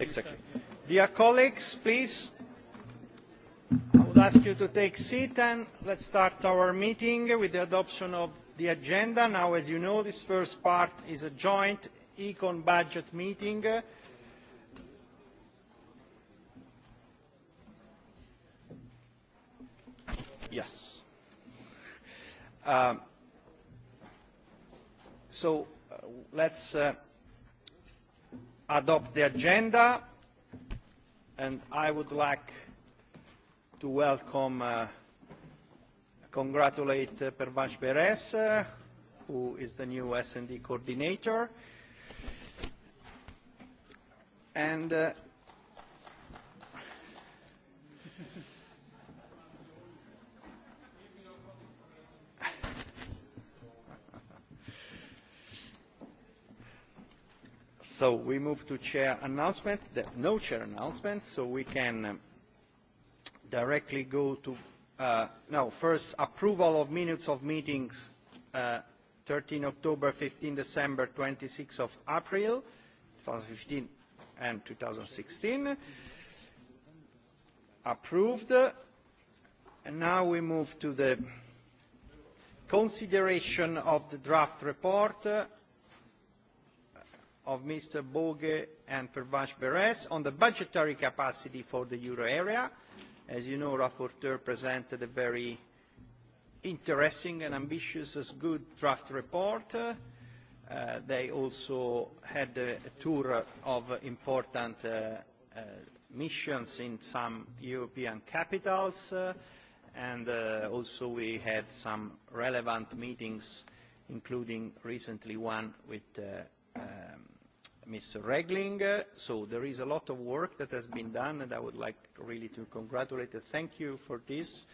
Exactly. Dear colleagues, please, I would ask you to take seat and let's start our meeting with the adoption of the agenda. Now, as you know, this first part is a joint econ budget meeting. Yes. Um, so uh, let's uh, adopt the agenda and I would like to welcome, uh, congratulate uh, Pervash Beres, uh, who is the new S&D coordinator. And uh, So we move to chair announcement, the, no chair announcement, so we can um, directly go to, uh, no, first approval of minutes of meetings, uh, 13 October, 15 December, 26 of April, 2015 and 2016. Approved. And now we move to the consideration of the draft report uh, of Mr. Boge and Pervash Beres on the budgetary capacity for the euro area. As you know, Rapporteur presented a very interesting and ambitious as good draft report. Uh, they also had a, a tour of important uh, uh, missions in some European capitals uh, and uh, also we had some relevant meetings including recently one with uh, um, Ms. Regling. Uh, so there is a lot of work that has been done, and I would like really to congratulate and thank you for this,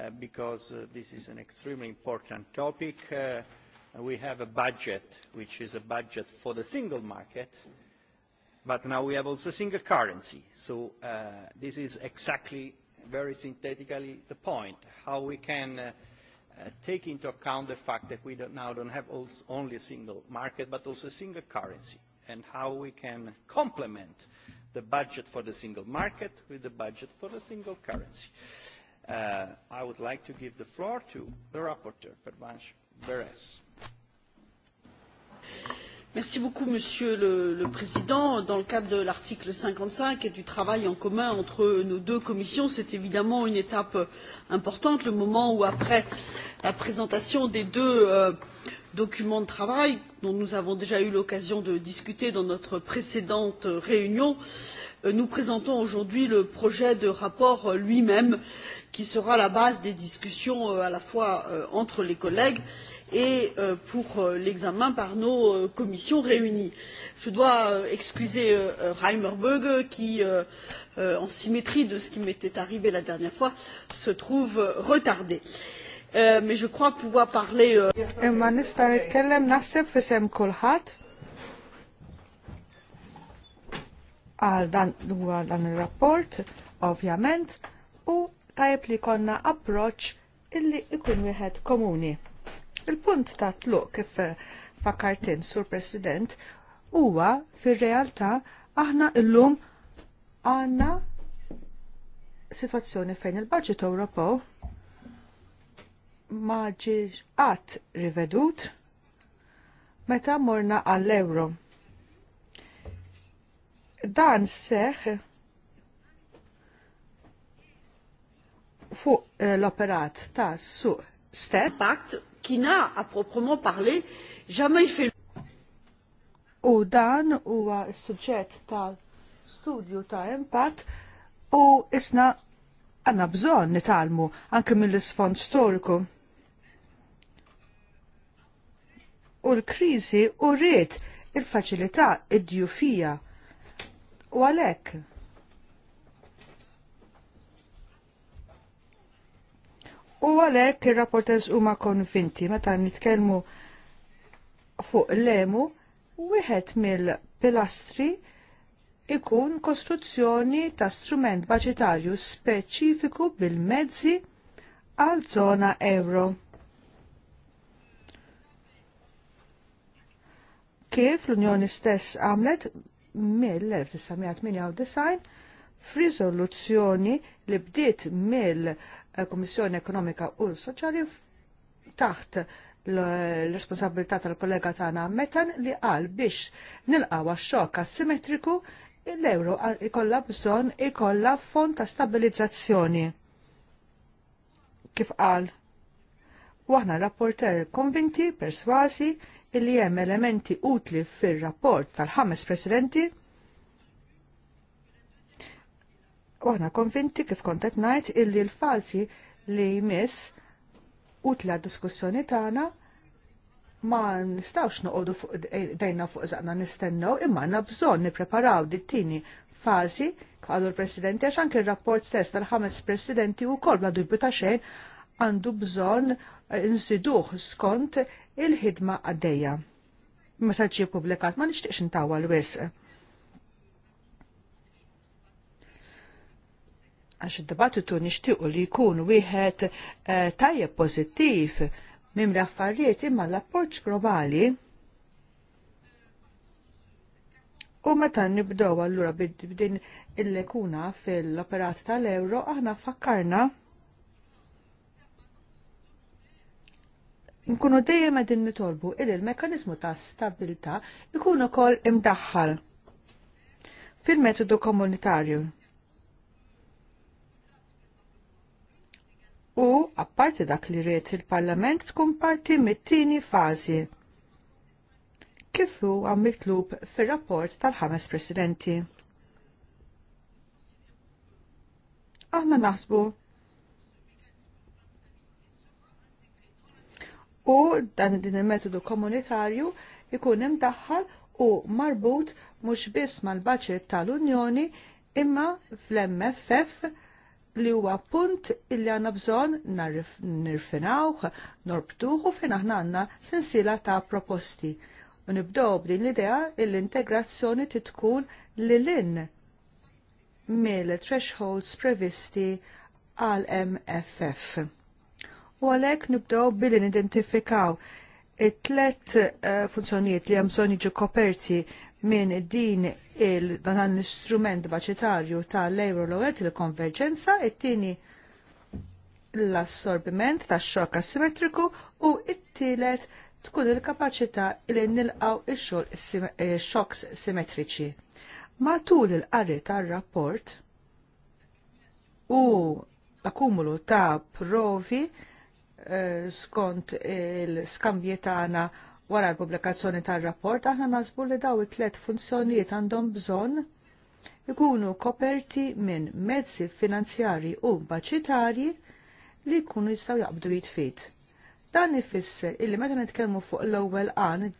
uh, because uh, this is an extremely important topic. Uh, we have a budget, which is a budget for the single market, but now we have also single currency. So uh, this is exactly, very synthetically, the point, how we can uh, uh, take into account the fact that we don't, now don't have also only a single market, but also a single currency and how we can complement the budget for the single market with the budget for the single currency. Uh, I would like to give the floor to the rapporteur, Pervanche Beres. Merci beaucoup, Monsieur le, le Président. Dans le cadre de l'article 55 et du travail en commun entre nos deux commissions, c'est évidemment une étape importante, le moment où, après la présentation des deux euh, document de travail dont nous avons déjà eu l'occasion de discuter dans notre précédente réunion, euh, nous présentons aujourd'hui le projet de rapport lui-même qui sera la base des discussions euh, à la fois euh, entre les collègues et pour l'examen par nos commissions réunies. Je dois excuser Reimer Böge qui, en symétrie de ce qui m'était arrivé la dernière fois, se trouve retardé. Euh, Euh, mais je crois pouvoir parler. Euh, Imma nista' nitkellem naħseb fisem kulħadd. Għal dan huwa dan ir-rapport, ovvjament, u tajb li konna approċ illi ikun wieħed komuni. Il-punt ta' tluq kif eh, fakartin, sur President huwa fir-realtà aħna illum għandna sitwazzjoni fejn il-Baġit Ewropew ma ġiex rivedut meta morna għall-euro. Dan seħ fuq eh, l-operat ta' suq step. Pakt kina a proprement parler jamais fil. U dan huwa suġġett ta' studju ta' impatt u isna għanna bżon nitalmu anke mill-isfond storiku u l-krizi u rrit il-faċilità id-djufija u għalek. U għalek il-rapporters huma konvinti meta nitkellmu fuq l-emu wieħed mill-pilastri ikun kostruzzjoni ta' strument baġitarju speċifiku bil-mezzi għal zona euro kif l-Unjoni stess għamlet mill-1998 f'riżoluzzjoni li bdiet mill-Komissjoni Ekonomika u Soċjali taħt l-responsabilità tal-kollega tagħna Metan li qal biex nilqgħu xokk asimetriku l-euro jkollha bżonn ikollha fond ta' stabilizzazzjoni. Kif qal? Waħna rapporter konvinti, perswasi, illi hemm elementi utli fir-rapport tal-ħames presidenti u aħna konvinti kif kontet ngħid illi l-falsi li jmiss utli għad diskussjoni tagħna ma nistawx noqogħdu dejna fuq żaqna nistennew imma għandna bżonn nippreparaw dit-tieni fażi l-Presidenti għax anke l rapport stess tal-ħames Presidenti u kol bla dubju ta' xejn għandu bżonn nsiduh skont il-ħidma għaddejja. Meta ġie publikat ma nixtieqx intawa l-wisq. Għax id-dibattitu nixtiequ li jkun wieħed eh, tajjeb pożittiv minn affarijiet imma l-approċ globali U meta nibdow allura bid din il-lekuna fil-operat tal-euro, aħna fakkarna nkunu dejjem qegħdin nitolbu il il-mekkaniżmu ta' stabilità ikun ukoll imdaħħal fil-metodu komunitarju. U apparti dak li riet il-Parlament tkun parti mit-tieni fażi kif huwa mitlub fir-rapport tal-ħames presidenti. Aħna naħsbu u dan din il-metodu komunitarju ikun imdaħħal u marbut mhux biss mal-baċet tal-Unjoni imma fl-MFF li huwa punt illi għanna bżon nirfinawħ, norbtuħ u fejn aħna sensila ta' proposti. U nibdow b'din l-idea l-integrazzjoni titkun li l-in mill-thresholds previsti għal MFF u għalhekk nibdew billi nidentifikaw it-tlet eh, funzjonijiet li hemm iġu jiġu koperti minn din il dan l-istrument baċitarju l euro l-għet il-konverġenza, it-tieni l-assorbiment tax xok asimetriku u it tilet tkun il-kapaċità li nilqaw ix-xogħol eh, xoks simmetriċi. Matul il-qari tar-rapport u akumulu ta' provi Eh, skont il-skambji tagħna wara l-pubblikazzjoni tar-rapport aħna nażbu li daw it tlet funzjonijiet għandhom bżonn ikunu koperti minn mezzi finanzjarji u baċitarji li jkunu jistgħu jaqbdu jitfit. Dan ifisser illi meta nitkellmu fuq l-ewwel għan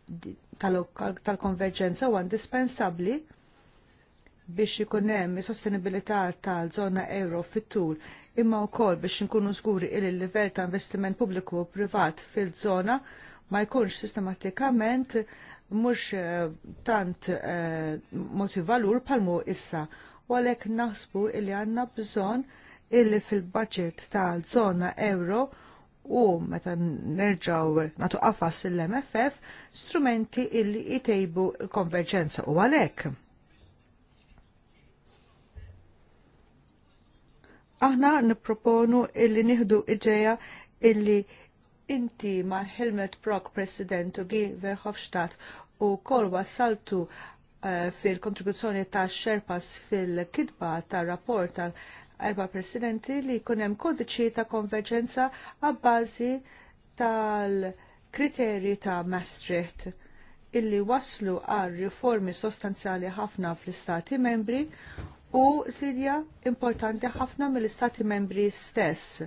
tal-konverġenza huwa indispensabbli biex ikun hemm is-sostenibilità tal-żona euro fit-tul imma wkoll biex inkunu żguri il livell ta' investiment pubbliku u privat fil-żona ma jkunx sistematikament mhux eh, tant eh, motivalur palmu issa u għalhekk naħsbu li għandna bżonn illi fil-budget tal-żona euro u meta nerġaw natu qafas l-MFF strumenti illi jitejbu l-konverġenza u għalhekk Aħna nipproponu illi nieħdu iġeja illi inti ma' Helmet Brock, President u Gi Verhofstadt u kol saltu uh, eh, fil-kontribuzzjoni ta' Sherpas fil-kidba ta' rapport tal erba presidenti li kunem kodiċi ta' konverġenza għabbażi tal-kriteri ta' Maastricht illi waslu għal riformi sostanzjali ħafna fl-istati membri u sidja importanti ħafna mill-Istati membri stess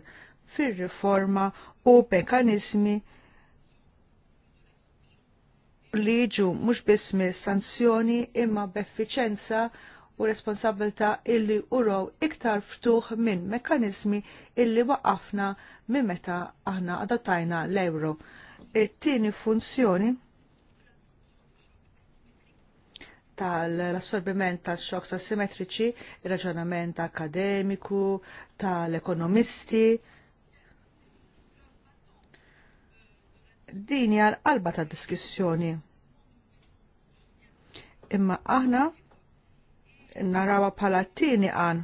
fir-riforma u mekanizmi li jiġu mhux biss sanzjoni imma b'effiċenza u responsabilta illi uraw iktar ftuħ minn mekanizmi illi waqafna minn meta aħna adottajna l-euro. It-tieni funzjoni tal-assorbiment tal-xoks asimetriċi, raġunament akademiku, tal-ekonomisti. Dini għal-qalba ta' diskussjoni. Imma aħna narawa palattini għan.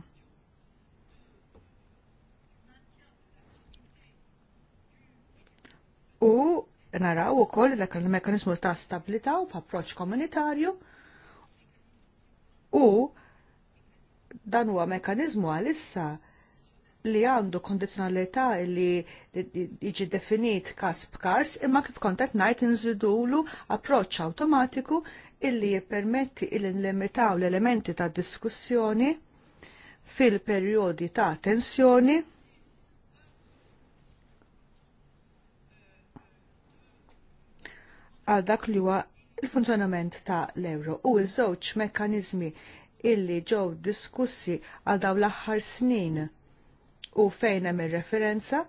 U naraw u koll dak il-mekanizmu ta' stabilita u f'approċ komunitarju u dan huwa mekanizmu għalissa li għandu kondizjonalità li jiġi definit kas b'kas imma kif kontet najt inżidulu approċċ awtomatiku illi jippermetti il nlimitaw l-elementi ta' diskussjoni fil-perjodi ta' tensjoni għal dak li huwa il-funzjonament ta' l-euro u l-żewġ mekkanizmi illi ġew diskussi għal dawn l-aħħar snin u fejn hemm ir-referenza,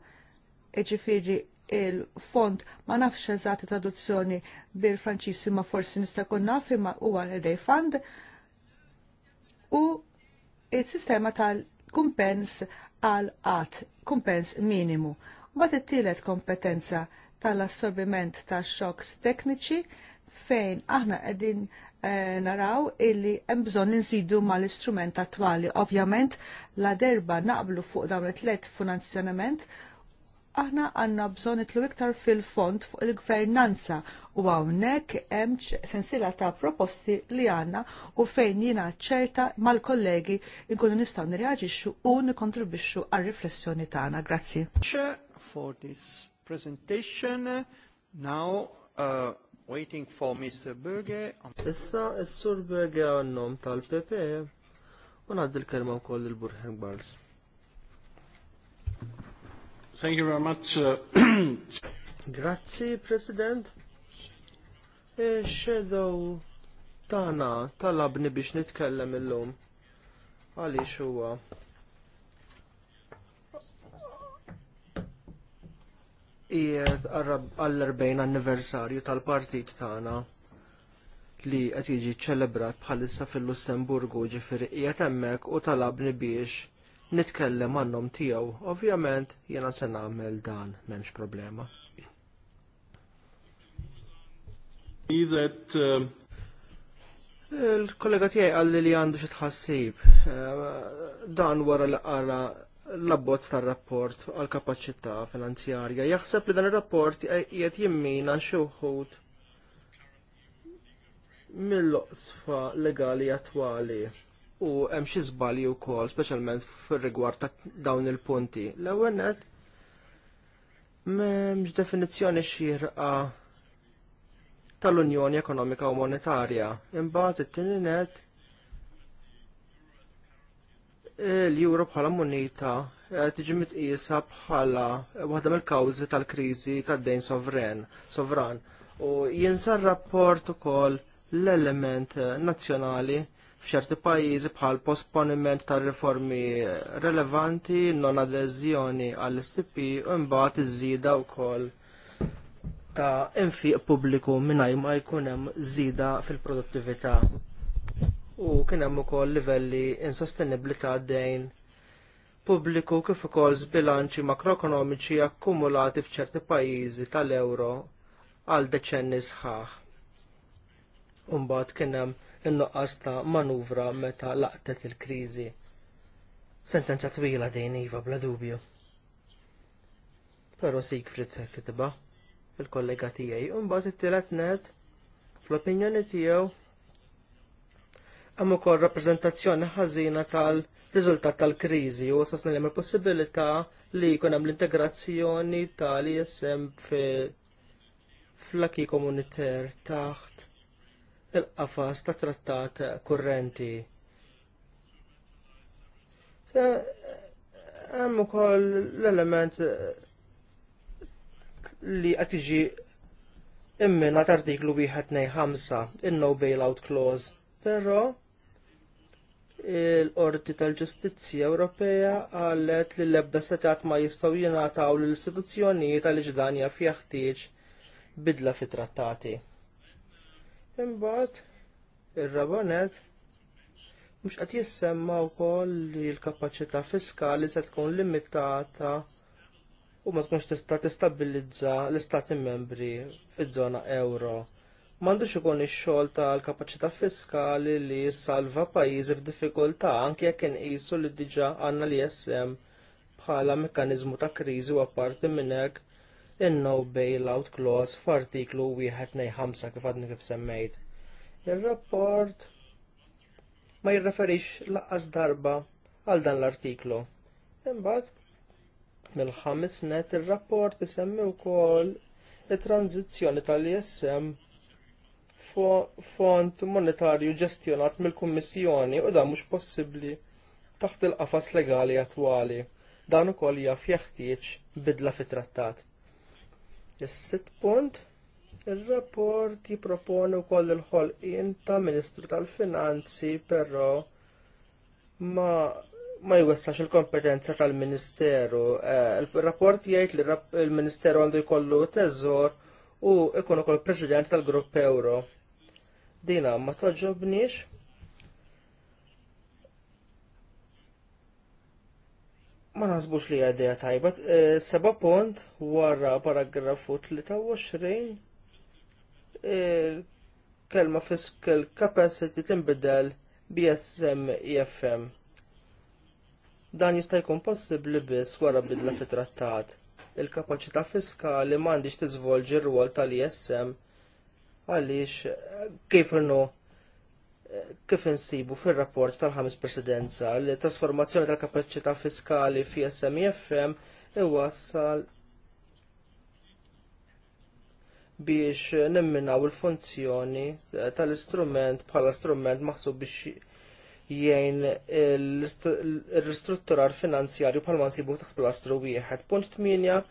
iġifieri il-font ma nafx eżatt traduzzjoni bil franċiż imma forsi nista' jkun naf imma huwa l fund u il-sistema tal-kumpens għal qatt kumpens minimu. Mbagħad it-tielet kompetenza tal-assorbiment tax xoks tekniċi fejn aħna qegħdin eh, naraw illi hemm bżonn insidu mal-istrument attwali. Ovvjament la derba naqblu fuq dawn it-tlet finanzjonament aħna għanna bżon itlu iktar fil fond fuq il-gvernanza u għawnek hemm sensila ta' proposti li għanna u fejn jina ċerta mal-kollegi nkunu nistaw nirreagixxu u nikontribixxu għal riflessjoni tagħna. Grazzi. For this presentation now uh, Waiting for Mr. Berger. Issa, s-sur Berger għannom tal-PP u il kelma u koll il-Burhan Bars. Thank you very much. Uh, Grazzi, President. E shadow tana talabni biex nitkellem illum. Għalix huwa qiegħed għall-40 anniversarju tal-partit tagħna li qed jiġi ċelebrat bħalissa fil-Lussemburgu ġifieri qiegħed hemmhekk u talabni biex nitkellem għannom tiegħu. Ovvjament jiena se nagħmel dan m'hemmx problema. Uh, Il-kollega tiegħi għalli li għandu xi tħassib eh, dan wara li qara l-abbozz tar-rapport għal kapaċità finanzjarja. Jaħseb li dan ir-rapport qiegħed jimmina xi wħud mill-oqsfa legali attwali u hemm xi żbalji wkoll speċjalment fir-rigward ta' dawn il-punti. L-ewwel net m'hemmx definizzjoni xierqa tal-Unjoni Ekonomika u Monetarja. Imbagħad it-tieni net Eh, l-Euro bħala moneta eh, tiġi mitqisa bħala eh, waħda mill-kawżi tal-kriżi tad-dejn sovran, sovran. U jinsar rapport ukoll l-element nazzjonali f'ċerti pajjiżi bħal posponiment tal riformi relevanti, non adeżjoni għall-STP u mbagħad iż-żieda wkoll ta' infiq pubbliku mingħajr ma jkun hemm żida fil-produttività u kien hemm ukoll livelli insostenibbli ta' dejn pubbliku kif ukoll żbilanċi makroekonomiċi akkumulati f'ċerti pajjiżi tal-ewro għal deċenni sħaħ. Umbagħad kien hemm in-nuqqas ta' manuvra meta laqtet il-kriżi. Sentenza twila din iva bla dubju. Però Siegfried kitba il-kollega tiegħi u mbagħad it-tielet net fl-opinjoni tiegħu hemm ukoll rappreżentazzjoni ħażina tal-riżultat tal-kriżi u sostna li possibilità li jkun hemm l-integrazzjoni tal-ISM fl-aki komuniter taħt il-qafas ta' trattat kurrenti. Eh, hemm ukoll l-element li qed tiġi imminat artiklu 1.5 in-no bailout clause. Però il-Qorti tal-Ġustizzja Ewropea qalet li l-ebda setat ma jistgħu jingħataw lill istituzzjonijiet tal ġdanja fjaħtieġ bidla fi trattati. Imbagħad ir-rabonet mhux qed jissemma wkoll li l-kapaċità fiskali se tkun limitata u ma tkunx tista' tistabilizza l-istati membri fiż-żona euro M'għandux ikun ix-xogħol tal-kapaċità fiskali li jissalva pajjiżi f'diffikultà anke jekk inqisu li diġà għandna l-ISM bħala mekkaniżmu ta' kriżi u apparti minn hekk in-no bailout clause f'artiklu 1.5 kif għadni kif semmejt. Ir-rapport ma jirreferix laqqas darba għal dan l-artiklu. Imbagħad mill-ħames net ir-rapport isemmi wkoll it-tranzizzjoni tal-ISM fond monetarju ġestjonat mill-Kummissjoni u dan mhux possibbli taħt il-qafas legali attwali. Dan ukoll jaf jeħtieġ bidla fit-trattat. Is-sitt punt Ir-rapport jipproponi wkoll il-ħolqien ta' Ministru tal-Finanzi però ma ma jwessax il-kompetenza tal-Ministeru. Eh, il-rapport jgħid li il-Ministeru għandu jkollu teżor u ikun ukoll president tal-Grupp Euro. Dina ma toġobniex. Ma nasbux li għadija tajba. Eh, seba punt wara paragrafu 23 eh, kelma fiscal capacity tinbidel BSM EFM. Dan jista' jkun possibbli biss wara bidla fit-trattat il-kapaċità fiskali m'għandix tiżvolġi r-rwol tal-ISM għaliex kif inhu kif insibu fir-rapport tal-ħames presidenza li trasformazzjoni tal-kapaċità fiskali fi SMIFM iwassal biex nimminaw il-funzjoni tal-istrument bħala strument maħsub biex jgħin l-istrutturar finanzjarju bħalma nsibu taħt pilastru wieħed. Punt 8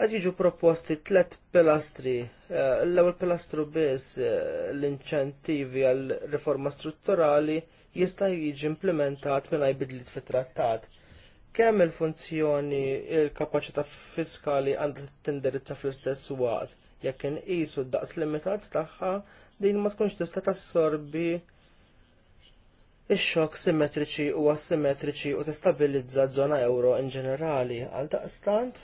qed jiġu proposti tliet pilastri. Eh, l-ewwel pilastru biss eh, l-inċentivi għal riforma strutturali jista' jiġi implementat mingħajr bidliet fit-trattat. Kemm il-funzjoni il-kapaċità fiskali għandha tindirizza fl-istess waqt jekk inqisu d-daqs limitat tagħha din ma tkunx tista' tassorbi ix-xokk simmetriċi u asimmetriċi u tistabilizza żona euro in ġenerali għal daqstant.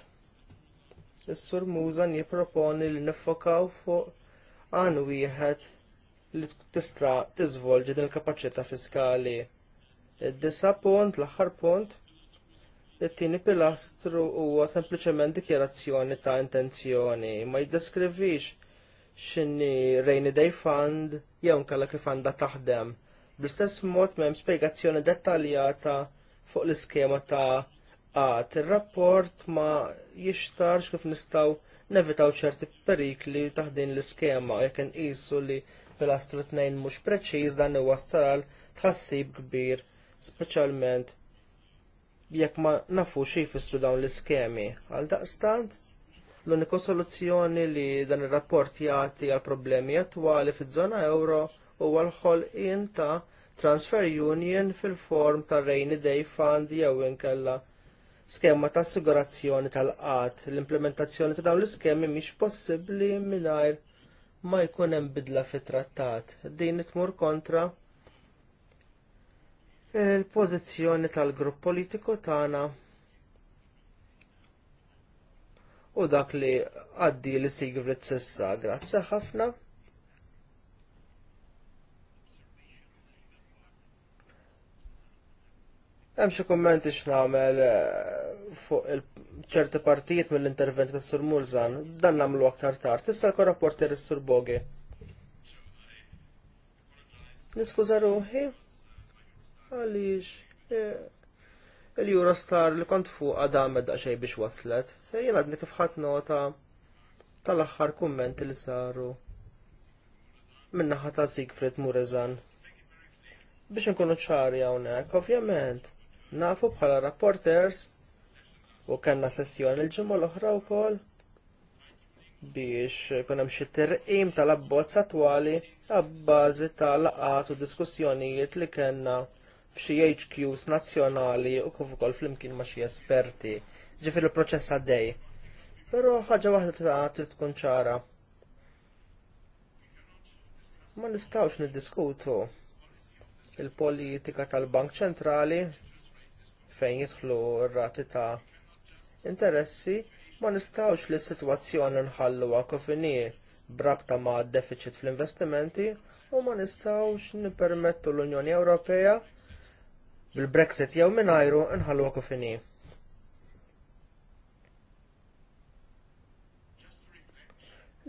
Is-Sur Mużan jipproponi li nifokaw fuq għan wieħed li tista' tiżvolġi din il-kapaċità fiskali. Id-disa punt, l-aħħar punt, it-tieni pilastru huwa sempliċement dikjerazzjoni ta' intenzjoni, ma jiddeskrivix x'inhi rainy day fund jew nkella kif għandha taħdem. Bl-istess mod m'hemm spjegazzjoni dettaljata fuq l-iskema ta' għat Ir-rapport ma jishtarx kif nistgħu nevitaw ċerti perikli taħdin l-iskema jekk inqisu li pilastru t-nejn mhux preċiż dan u għal tħassib kbir, speċjalment jekk ma nafux jfissru dawn l-iskemi. Għal daqstad, l-uniku soluzzjoni li dan ir-rapport jagħti għal problemi attwali fiż-żona euro huwa l-ħolqien ta' transfer union fil-form ta' rainy day fund jew inkella skema ta' assigurazzjoni tal-qat. L-implementazzjoni ta' dawn l-iskemi mhix possibbli mingħajr ma jkun hemm bidla fit-trattat. Din tmur kontra il-pożizzjoni tal-grupp politiku tagħna u dak li għaddi li sigvrit sissa. Grazzi ħafna. Hemm xi kummenti x'nagħmel eh, fuq ċerti partijiet mill-intervent tas Sur Murzan, dan nagħmlu aktar tard. Tista' l rapporter is-Sur Bogi. Niskuża ruħi għaliex eh, il-Eurostar li kont fuq għadam edda xej biex waslet. Eh, jien għadni kif ħadd nota tal-aħħar kummenti li saru minnaħa ta' Siegfried Murezan biex nkunu ċari hawnhekk, ovvjament. Nafu bħala rapporters u kanna sessjoni l-ġimgħa l-oħra wkoll biex kun hemm xi terqim tal-abbozz attwali għabbażi ta' laqat u diskussjonijiet li kellna f'xi HQs nazzjonali u kif ukoll flimkien ma' xi esperti. ġifir il-proċess għaddej. Però ħaġa waħda trid tkun ċara. Ma nistgħux niddiskutu il-politika tal-Bank Ċentrali fejn jidħlu r-rati ta' interessi ma nistgħux li s-sitwazzjoni nħalluha kofini brabta ma' deficit fl-investimenti u ma nistgħux nippermettu l-Unjoni Ewropea bil-Brexit jew mingħajru nħalluha kofini.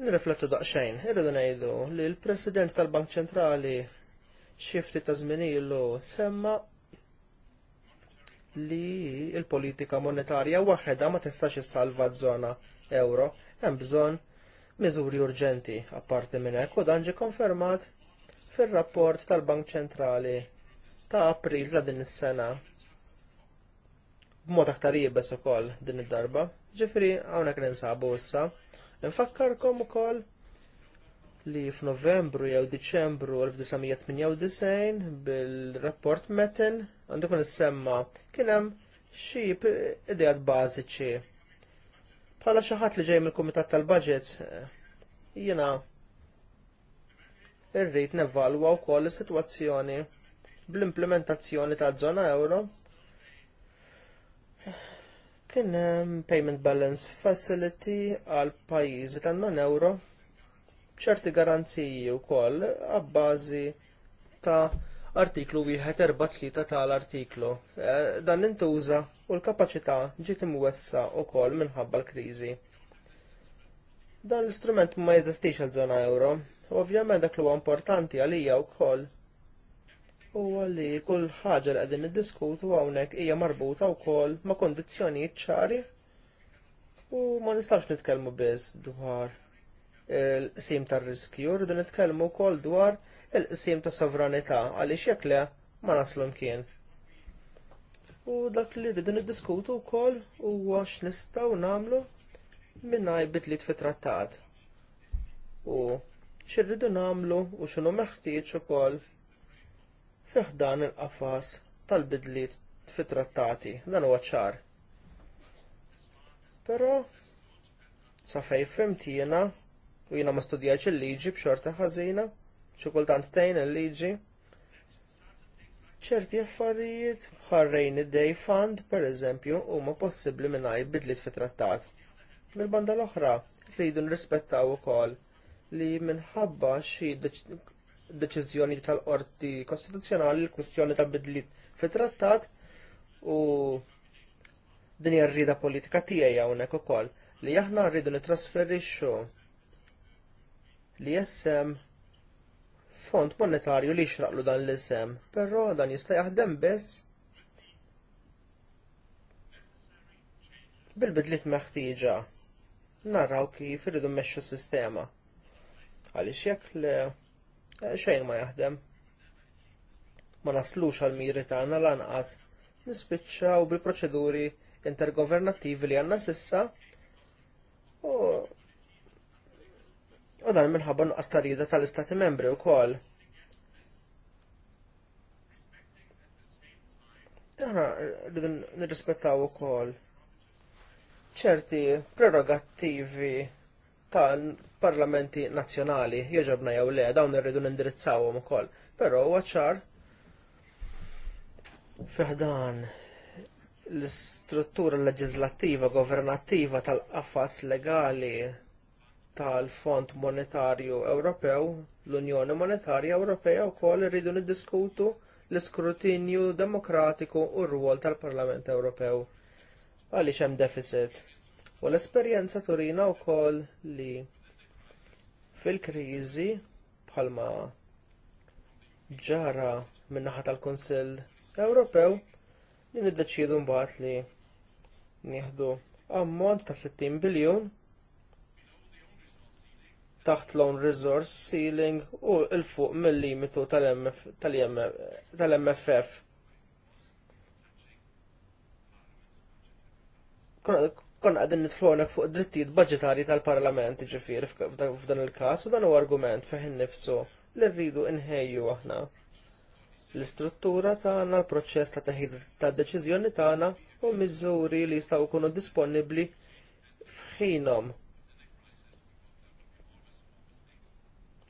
Nirriflettu daqsxejn, irridu ngħidu li l-President tal-Bank Ċentrali xi ftit ta' ilu semma li l politika monetarja waħedha ma tistax issalva żona euro, hemm bżonn miżuri urġenti apparti minn hekk u dan ġie konfermat fir-rapport tal-Bank Ċentrali ta' April ta' din is-sena b'mod aktar jibes ukoll din id-darba. Ġifri hawnhekk ninsabu issa. Infakkarkom ukoll li f'Novembru jew Diċembru 1998 bil-rapport Metin għandu kun semma kien hemm xi idejat bażiċi. Bħala xi ħadd li ġej mill-Kumitat tal-Budgets jiena irrid nevalwa wkoll is-sitwazzjoni bl-implementazzjoni ta' żona euro. Kien hemm payment balance facility għal pajjiżi tan non euro ċerti garanziji wkoll abbażi ta' artiklu 143 tal-artiklu. Eh, dan intuża u l-kapaċità ġiet imwessa wkoll minħabba l-kriżi. Dan l-istrument ma jeżistix għal żona euro, ovvjament dak li huwa importanti għalija wkoll huwa li kull ħaġa li qegħdin niddiskutu hawnhekk hija marbuta wkoll ma' kundizzjonijiet ċari u ma nistax nitkellmu biss dwar il-qsim tar-riskju, rridu nitkellmu wkoll dwar il-qsim ta' sovranità għaliex jekk le ma naslu mkien. U dak li rridu niddiskutu wkoll huwa x'nistgħu nagħmlu minnaj bitlit fit-trattat. U x'irridu nagħmlu u x'inhu meħtieġ ukoll fih dan il-qafas tal-bidliet fit-trattati, dan huwa ċar. Però sa fejn tiena u jiena ma studjajx il-liġi b'xorta ħażina, xi kultant tgħin il-liġi. ċerti affarijiet ħarrejn id-day fund, pereżempju, huma possibbli mingħajr bidlit fit trattat. mil banda l-oħra, rridu nrispettaw ukoll li minħabba xi deċiżjoni tal-qorti kostituzzjonali l-kwistjoni ta' bidlit fit trattat u din rrida politika tiegħi hawnhekk ukoll li aħna rridu nitrasferixxu li jessem fond monetarju li xraqlu dan l-isem, però dan jista' jaħdem biss bil-bidliet meħtieġa narraw kif irridu mmexxu s-sistema. Għaliex jekk le xejn ma jaħdem. Ma naslux għall miri tagħna lanqas nispiċċaw bil-proċeduri intergovernattivi li għandna sissa u U dan minħabba nuqqas tarida tal-Istati membri wkoll. Aħna rridu nirrispettaw ukoll ċerti prerogattivi tal-parlamenti nazzjonali jogħġobna jew le, dawn irridu nindirizzawhom ukoll. Però huwa ċar fiħdan l-istruttura leġislattiva governattiva tal-qafas legali tal-Fond Monetarju Ewropew, l-Unjoni Monetarja Ewropea wkoll iridu niddiskutu l-iskrutinju demokratiku u r-rwol tal-Parlament Ewropew għaliex hemm deficit. U l-esperjenza turina wkoll li fil-kriżi bħalma ġara min-naħa tal-Kunsill Ewropew li niddeċiedu mbagħad li nieħdu ammont ta' 60 biljun taħt loan resource ceiling u l fuq mill-limitu tal-MFF. Kon għadin nitħlonek fuq drittijiet budgetari tal-parlament ġifir f'dan il-kas u dan u argument feħin nifsu li rridu inħejju aħna. L-istruttura tagħna l-proċess ta' teħid ta' deċiżjoni tagħna u miżuri li jistgħu jkunu disponibbli f'ħinhom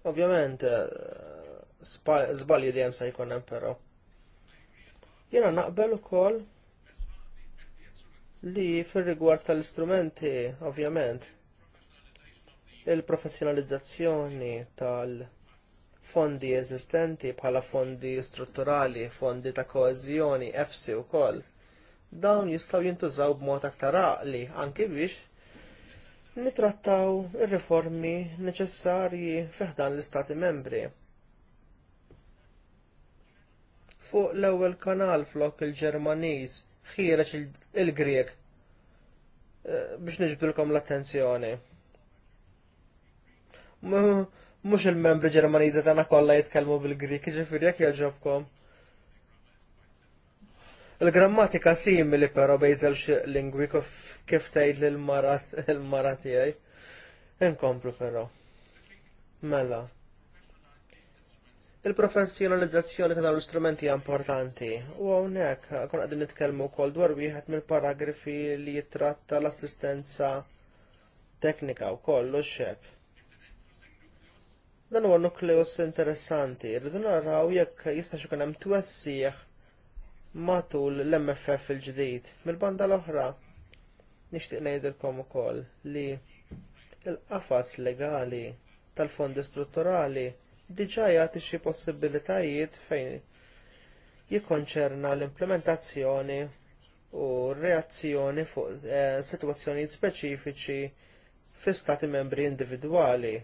Ovvjament, eh, zbalji dejjem se jkun hemm però. Jiena naqbel ukoll li fir-rigward tal-istrumenti, ovvjament, il-professjonalizzazzjoni tal-fondi eżistenti bħala fondi strutturali, fondi ta' koeżjoni, EFSI wkoll, dawn jistgħu jintużaw b'mod aktar għaqli anki biex nitrattaw ir-riformi neċessarji fiħdan l-Istati membri. Fuq l-ewwel kanal flok il-Ġermaniż ħireġ il grieg eh, biex niġbilkom l-attenzjoni. Mhux il-membri Ġermaniżi tagħna kollha jitkellmu bil grieg ġifieri jekk jogħġobkom. Il-grammatika simili però bejżel lingwi kif tgħid l-mara tiegħi. Inkomplu però. Mela. Il-professjonalizzazzjoni ta' dawn l-istrumenti hija importanti u hawnhekk kon qegħdin nitkellmu wkoll dwar wieħed mill-paragrafi li jitratta l-assistenza teknika u kollu xek. Dan huwa nukleus interessanti, rridu naraw jekk jista' xi hemm twessieħ matul l-MFF il-ġdid. Mil-banda l-oħra, nixtieq ngħidilkom ukoll li l qafas legali tal-fondi strutturali diġà jagħti xi possibilitajiet fejn jikkonċerna l-implementazzjoni u reazzjoni fuq eh, sitwazzjonijiet speċifiċi fi stati membri individwali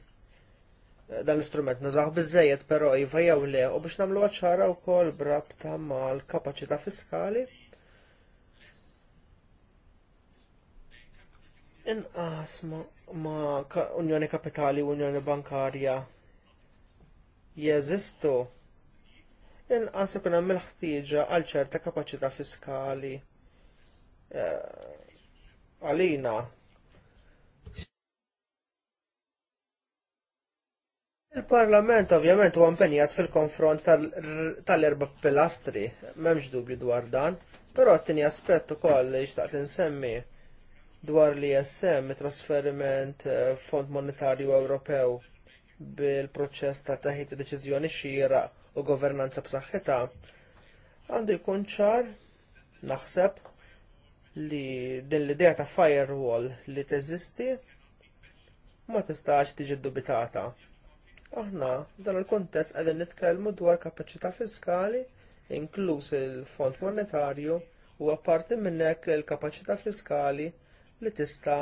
dan l-istrument nazaħ bizzejiet pero jiva jew le u biex namlu għacħara u kol brabta mal kapaċità fiskali. Inqas ma, ma ka Unjoni Kapitali u Unjoni Bankarja jeżistu. Inqas ikun hemm il-ħtieġa għal ċerta kapaċità fiskali eh, għalina Il-Parlament ovvjament huwa għampenjat fil-konfront tal-erba pilastri, m'hemmx dubju dwar dan, però t-tieni aspett ukoll li xtaqt insemmi dwar li jessem trasferiment eh, Fond Monetarju Ewropew bil-proċess ta' taħit deċiżjoni xira u governanza b'saħħitha għandu jkun ċar naħseb li din l-idea ta' firewall li teżisti ma tistax tiġi dubitata Aħna dan il-kontest qegħdin nitkellmu dwar kapaċità fiskali inkluż il-Fond Monetarju u apparti minn hekk il-kapaċità fiskali li tista'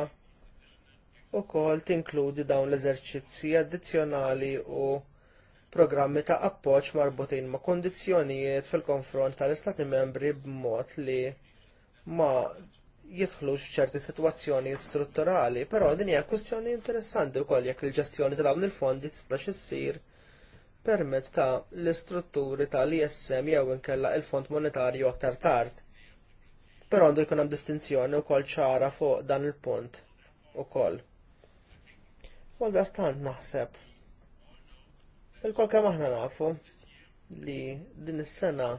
wkoll tinkludi dawn l-eżerċizzi addizzjonali u programmi ta' appoġġ marbutin ma' kundizzjonijiet fil-konfront tal-Istati membri b'mod li ma jidħlux ċerti situazzjoni strutturali, però din hija kwistjoni interessanti wkoll jekk il-ġestjoni ta' dawn il-fondi tista' issir permezz ta' l-istrutturi tal-ISM jew inkella il-Fond Monetarju aktar tard. Però għandu jkun hemm distinzjoni wkoll ċara fuq dan il-punt ukoll. Għal stant naħseb. Il-kol kemm aħna nafu li din is-sena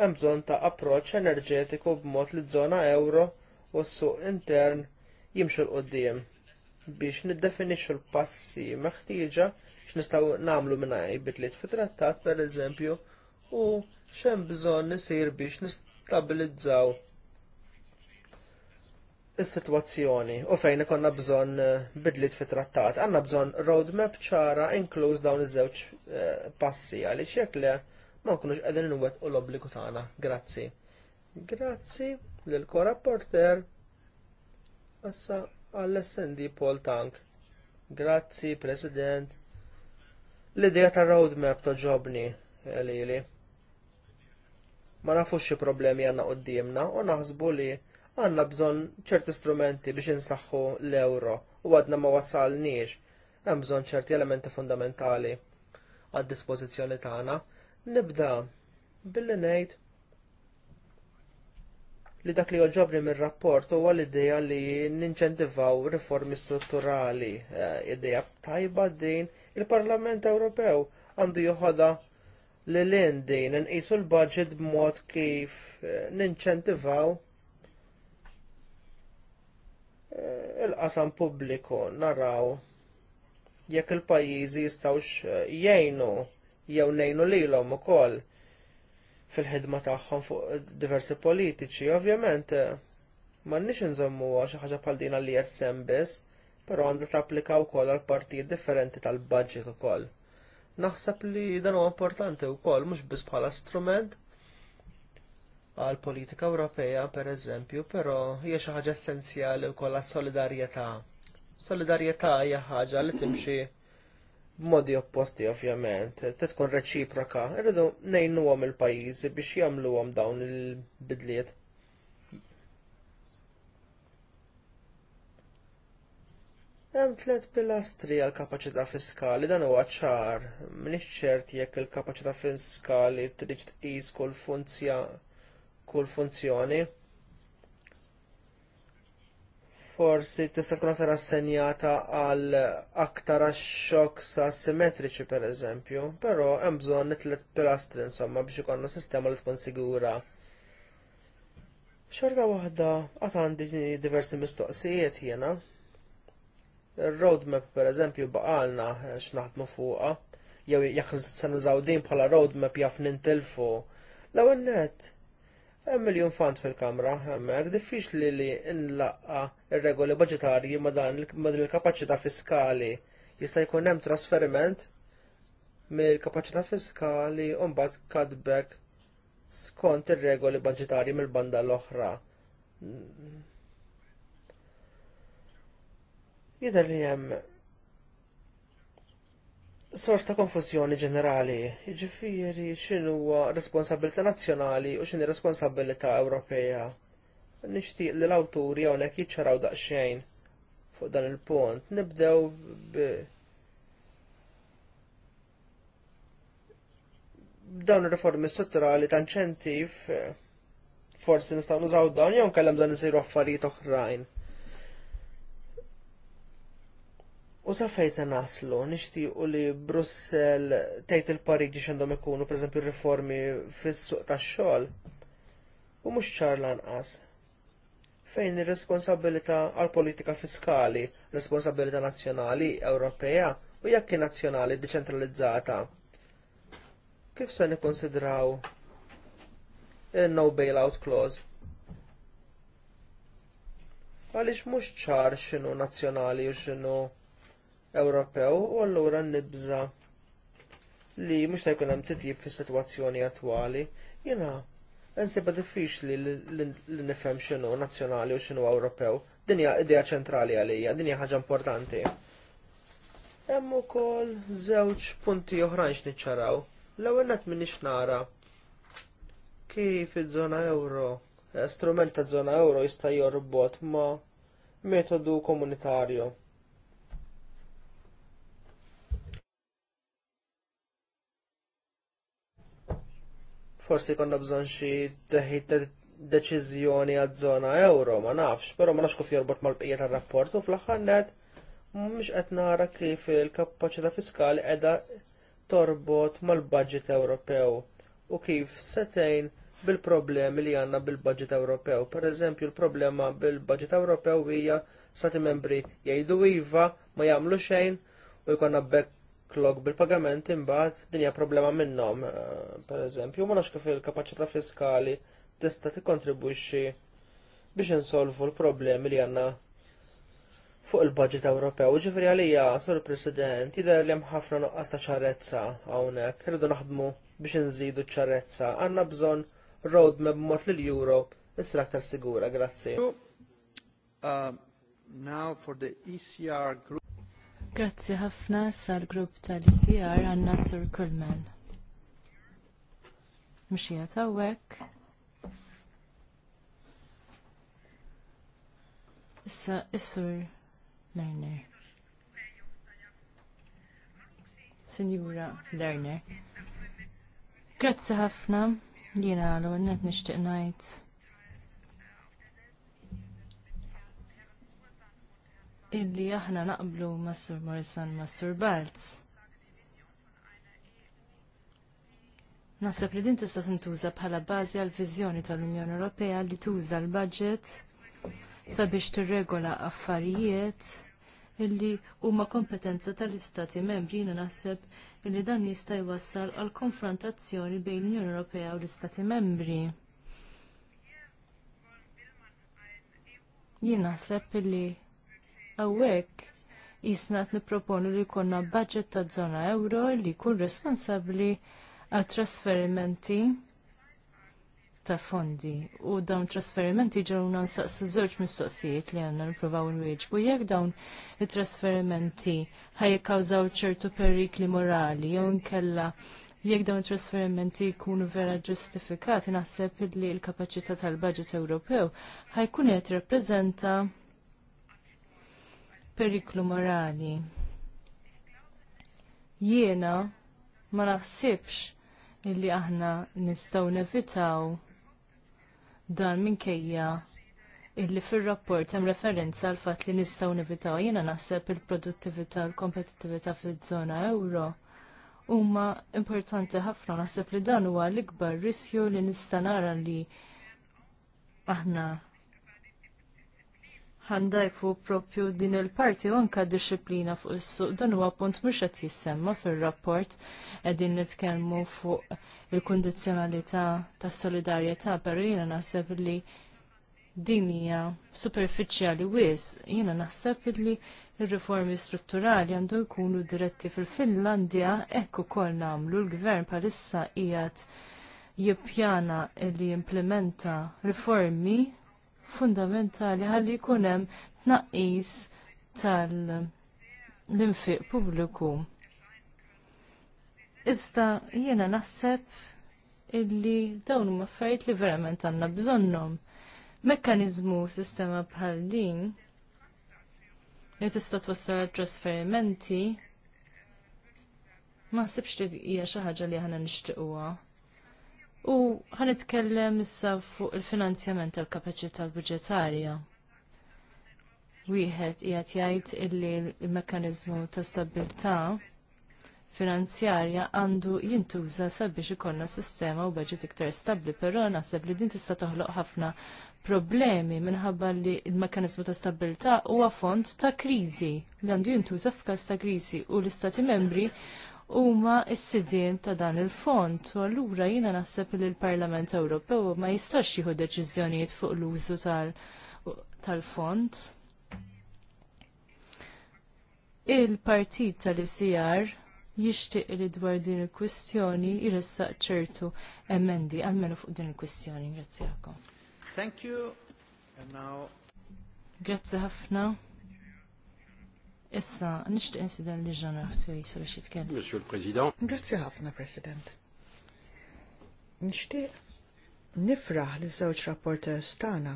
hemm bżonn ta' approċċ enerġetiku b'mod li żona euro u s-suq intern jimxu l-qoddim biex niddefinixxu l-passi meħtieġa x'nistgħu nagħmlu mingħajr bitliet fit-trattat pereżempju u x'hemm bżonn isir biex nistabilizzaw is-sitwazzjoni u fejn ikonna bżonn eh, bidliet fit-trattat. Għandna bżonn roadmap ċara inkluż dawn iż-żewġ eh, passi għaliex jekk le ma nkunux qegħdin wet u l obliku tagħna. Grazzi. Grazzi lil korrapporter issa għall-SND Paul Tank. Grazzi, President. L-idea ta' roadmap ta' ġobni, Lili. Ma nafux xi problemi għandna dimna u naħsbu li għandna bżonn ċerti strumenti biex insaħħu l ewro u għadna ma wasalniex, hemm bżonn ċerti elementi fundamentali għad dispożizzjoni tagħna Nibda billi ngħid li dak li oġobni mir rapport huwa l-idea li ninċentivaw riformi strutturali, eh, idea tajba din il-Parlament Ewropew għandu joħodha li l-indin nqisu l-budget b'mod kif eh, ninċentivaw eh, il-qasam pubbliku naraw jekk il-pajjiżi jistgħux jgħinu jew nejnu lilhom ukoll fil-ħidma tagħhom fuq diversi politiċi, ovvjament eh, m'għandniex inżommuha xi ħaġa bħal din għall pero biss, però għandha tapplika wkoll għal partijiet differenti tal-budget ukoll. Naħseb li dan huwa importanti wkoll mhux biss bħala strument għal politika Ewropea pereżempju, però hija xi ħaġa essenzjali wkoll għas-solidarjetà. Solidarjetà hija ħaġa li timxi modi opposti ovvjament, te tkun reċiproka, Rridu nejnu għom il-pajizi biex jamlu għom dawn il-bidliet. Hemm tliet pilastri għal kapaċità fiskali dan huwa ċar. M'iniex ċert jekk il-kapaċità fiskali trid tqis kull funzja kull funzjoni forsi tista' tkun aktar assenjata għal aktar għax-xoks per pereżempju, però hemm bżonn nitlet pilastri insomma biex ikollna sistema li tkun sigura. Xorta waħda għad għandi diversi mistoqsijiet jiena. ir roadmap pereżempju baqalna x'naħdmu fuqha, jew jekk se nużaw din bħala roadmap jaf nintilfu. L-ewwel nett Hemm miljun fond fil-Kamra, hemmhekk diffiċ li li nlaqqa ir-regoli budġetarji ma' dan il-kapaċità fiskali jista' jkun hemm trasferiment mill-kapaċità fiskali u mbagħad kadbek skont ir-regoli budġetarji mill-banda l-oħra. Jidher li hemm sors ta' konfuzjoni ġenerali, ġifiri xinu responsabilta nazjonali u xinu responsabilità Ewropeja. Nishtiq li l-awturi nek jitxaraw daqxajn fuq dan il-punt. Nibdew b dawn il-reformi strutturali ta' inċentiv forsi nistaw nużaw dawn jew kellem dan isiru affarijiet oħrajn. U sa fejn se naslu, nixtiequ li Brussell tgħid il-Pariġi xandom ikunu esempio, riformi fis-suq tax-xogħol. U mhux ċar lanqas. Fejn ir-responsabilità għall politika fiskali, responsabilità nazzjonali, Ewropea u jekk nazzjonali decentralizzata. Kif se nikkonsidraw no bailout clause? Għaliex mhux ċar x'inhu nazzjonali u x'inhu Ewropew u allura nibża li mhux se jkun hemm titjib fis-sitwazzjoni attwali. Jiena Nsibba diffiċli li nifhem x'inhu nazzjonali u x'inhu Ewropew. Din hija idea ċentrali għalija, din hija ħaġa importanti. Hemm ukoll żewġ punti uħranx nċaraw, L-ewwel qed minix nara kif iż-żona euro, strument ta' żona euro jista' jorbot ma' metodu komunitarju. forsi konna bżon xi teħid deċiżjoni għad-żona euro, ma nafx, però ma nafx kif jorbot mal-bqija tar-rapport u fl-aħħar net mhux qed nara kif il-kapaċità fiskali qiegħda torbot mal-budget Ewropew u kif setejn bil-problemi li għandna bil-budget Ewropew. Pereżempju l problema bil-budget Ewropew hija stati membri jgħidu iva ma jagħmlu xejn u jkollna bekk klog bil-pagament imbagħad din hija problema minnhom. Eh, pereżempju, ma nafx kif il-kapaċità fiskali tista' tikkontribwixxi biex insolvu l-problemi li għandna fuq il-budget Ewropew. Ġifri għalija, Sur President, jidher li hemm ħafna nuqqas ta' ċarezza hawnhekk, irridu naħdmu biex inżidu ċarezza. Għandna bżonn roadmap mod lil Europe issir aktar sigura, grazzi. Uh, now for the ECR group. Grazzi ħafna sal-grupp tal-ICR għanna Sur Kulman. Mxija tawwek. Issa Isur Lerner. Senjura Lerner. Grazzi ħafna. Jina l-għonnet nishtiq najt illi aħna naqblu Massur Morrison Massur Balz. Naħseb li din tista' tintuża bħala bażi għal viżjoni tal-Unjoni Ewropea li tuża l-budget sabiex tirregola affarijiet illi huma kompetenza tal-Istati membri jiena naħseb illi dan jista' jwassal għal konfrontazzjoni bejn l-Unjoni Ewropea u l-Istati membri. Jien naħseb illi Għawek, jisna qed nipproponu li jkollna budget ta' żona euro li jkun responsabbli għal trasferimenti ta' fondi u dawn trasferimenti ġewna nsaqsu żewġ mistoqsijiet li għandna nippruvaw nwieġbu jekk dawn it-trasferimenti ħajkawżaw ċertu perikli morali jew inkella jekk dawn trasferimenti jkunu vera ġustifikati naħseb li l-kapaċità tal-Baġit Ewropew ħajkun qed jirrappreżenta periklu morali. Jiena ma naħsibx illi aħna nistgħu nevitaw dan minkejja illi fil-rapport hemm referenza għal fatt li nistgħu nevitaw jiena naħseb il-produttività l-kompetittività fiż-żona euro huma importanti ħafna naħseb li dan huwa l-ikbar riskju li nista' nara li aħna ħandajfu propju din il-parti u anka disciplina fuq is-suq dan huwa punt mhux qed jissemma fir-rapport qegħdin nitkellmu fuq il-kundizzjonalità tas-solidarjetà, però jiena naħseb li din hija superfiċjali wis, jiena naħseb li il riformi strutturali għandu jkunu diretti fil-Finlandja hekk ukoll nagħmlu l-gvern bħalissa qiegħed jippjana li jimplementa riformi fundamentali ħalli jkun hemm tnaqqis tal-infiq pubbliku. Iżda jiena naħseb illi dawn huma affarijiet li verament għandna bżonnhom. Mekkaniżmu sistema bħal din li tista' twassal trasferimenti ma ħsibx li hija xi ħaġa li aħna nixtiequha. U ħanitkellem issa fuq il-finanzjament tal-kapaċità budġetarja. Wieħed qiegħed jgħid illi l-mekkaniżmu ta' stabilità finanzjarja għandu jintuża sabiex ikollna sistema u budget iktar stabbli, però naħseb li din tista' toħloq ħafna problemi minħabba li l-mekkaniżmu ta' stabilità huwa fond ta' kriżi li għandu jintuża f'każ ta' kriżi u l-istati membri huma s-sidien ta' dan il-fond. U allura jiena naħseb li l-Parlament Ewropew ma jistax jieħu deċiżjonijiet fuq l-użu tal-fond. Il-partit tal-ICR jixtieq li dwar din il-kwistjoni jressaq ċertu emendi għalmenu fuq din il-kwistjoni. Grazzi Thank you. And now... Grazzi ħafna. Issa, nishtiq insidan li ġana ħtu jisra kem. Monsieur le president Grazzi ħafna, President. Nishti nifraħ li żewġ rapporters tagħna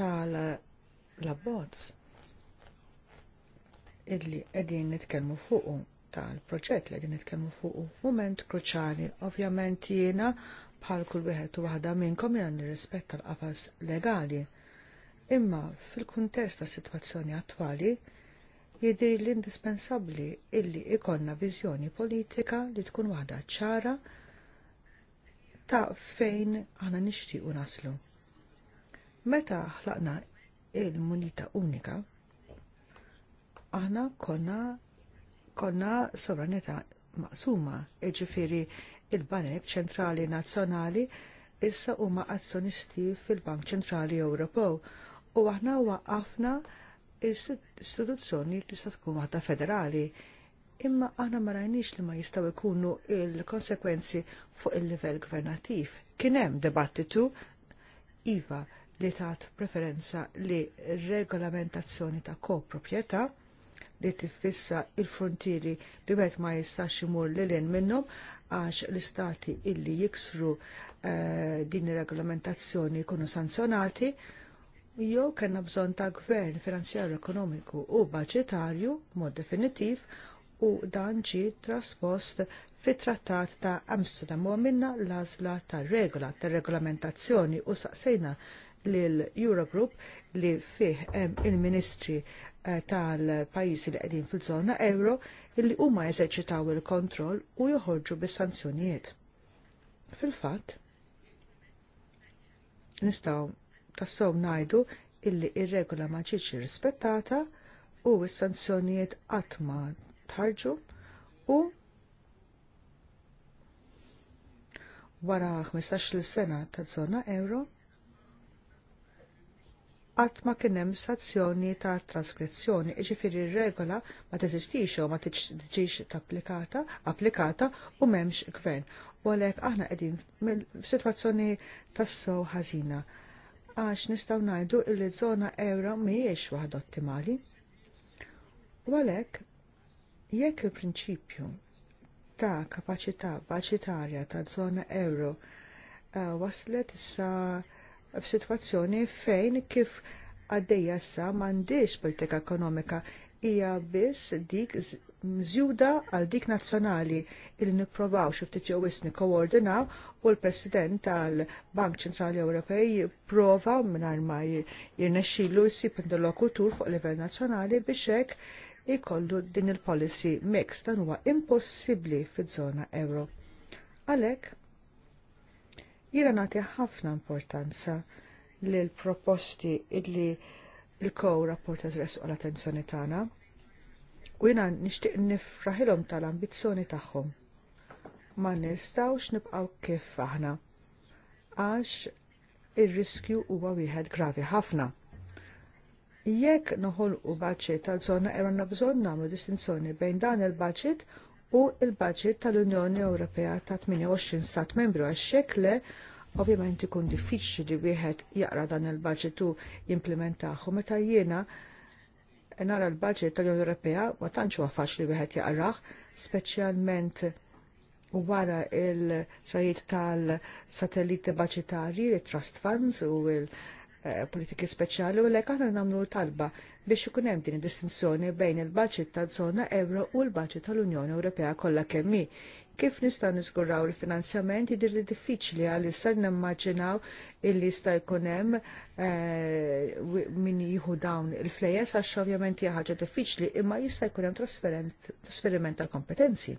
tal-abbozz illi qegħdin nitkellmu fuqu tal-proġett li qegħdin nitkellmu fuqu mument kruċali. Ovvjament jiena bħal kull wieħed u waħda minnkom jiena nirrispetta l-qafas legali. Imma fil-kuntest ta' sitwazzjoni attwali jidri l-indispensabli illi ikonna viżjoni politika li tkun waħda ċara ta' fejn għana nixtiequ naslu. Meta ħlaqna il-munita unika, aħna konna konna sovranità maqsuma, iġifiri il-Banek Ċentrali Nazzjonali issa huma azzjonisti fil-Bank Ċentrali Ewropew u aħna waqqafna istituzzjoni li tista' tkun waħda federali. Imma aħna ma rajniex li ma jistgħu jkunu il-konsekwenzi fuq il-livell gvernattiv. Kien hemm dibattitu iva li tat preferenza li regolamentazzjoni ta' koproprjetà li tiffissa il-frontieri li wieħed ma jistax imur lilin minnhom għax l-istati illi jiksru uh, din ir-regolamentazzjoni jkunu sanzjonati jew kellna bżonn ta' gvern finanzjarju ekonomiku u baġitarju mod definitiv u dan ġie traspost fit-trattat ta' Amsterdam u għamilna l-għażla tar regola tar regolamentazzjoni u saqsejna lil Eurogroup li fih hemm il-Ministri eh, tal-pajjiżi li qegħdin fil-żona euro li huma jeżeċitaw il-kontroll u joħorġu bis-sanzjonijiet. Fil-fatt, nistgħu tassow ngħidu illi r regola ma ġietx rispettata u s-sanzjonijiet qatt ma tħarġu u wara 15-il sena ta' żona euro qatt ma kien hemm sanzjoni ta' trasgressjoni, jiġifieri r-regola ma teżistix u ma tiġix tapplikata, applikata u m'hemmx gvern. U għalhekk aħna qegħdin f'sitwazzjoni tassew ħażina. So għax nistgħu ngħidu li żona ewra mhijiex waħda ottimali. U għalhekk jekk il-prinċipju ta' kapaċità baċitarja ta' żona euro uh, waslet sa' f'sitwazzjoni fejn kif għaddejja sa' m'għandix politika ekonomika hija biss dik mżjuda għal dik nazzjonali illi nipprovaw xi ftit jew isni koordinaw u l-President tal-Bank Ċentrali Ewropej jipprova mingħajr ma jirnexxielu jsib interlokutur fuq livell nazzjonali biex hekk ikollu din il-policy mix dan huwa impossibbli fiż-żona euro. Għalhekk jiena nagħti ħafna importanza lil proposti illi l co rapporta resq l-attenzjoni tagħna u jina nishtiq nifraħilom tal-ambizzjoni tagħhom. Ma nistgħux nibqgħu kif aħna għax ir-riskju huwa wieħed gravi ħafna. Jekk noħolqu baċċet tal-żona eronna bżonn nagħmlu distinzjoni bejn dan il-baċċet u il-baċċet tal-Unjoni Ewropea ta' 28 stat membru għax le ovvjament ikun diffiċli li wieħed jaqra dan il-baċċet u jimplementaħu meta jiena nara l-budget tal-Unjoni Ewropea ma tantx huwa faċli wieħed jaqrah, speċjalment wara il-xajiet tal-satelliti baċitarji, il-trust funds u il-politiki eh, speċjali u l-ek aħna namlu talba biex ikun hemm din id-distinzjoni bejn il-baġit tal-żona euro u l budget tal-Unjoni Ewropea kollha kemm Kif nistgħu niżguraw il-finanzjament jidir li diffiċli għal issa nimmaġinaw illi jista' jkun hemm eh, min jieħu dawn il-flejes għax ovvjament hija ħaġa diffiċli imma jista' jkun hemm trasferiment tal-kompetenzi.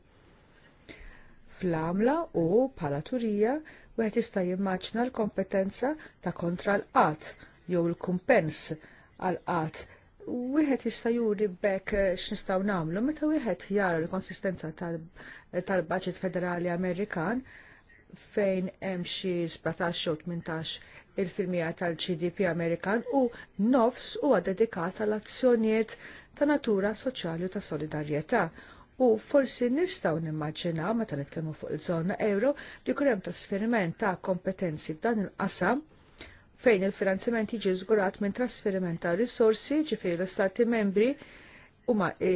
fl u bħala turija wieħed jista' jimmaġina l-kompetenza ta' kontra l-qatt jew il-kumpens għal qatt wieħed jista' juri bekk eh, x'nistgħu nagħmlu meta wieħed jara l-konsistenza tal-Baġit Federali Amerikan fejn hemm xi 17 u tmintax il-filmija tal-GDP Amerikan u nofs huwa dedikat għal azzjonijiet ta' natura soċjali u ta' solidarjetà. U forsi nistgħu nimmaġinaw meta nitkellmu fuq il-żona euro li jkun hemm trasferiment ta' kompetenzi f'dan il-qasam fejn il-finanzjament jiġi żgurat minn trasferiment ta' risorsi ġifieri l-istati membri huma e,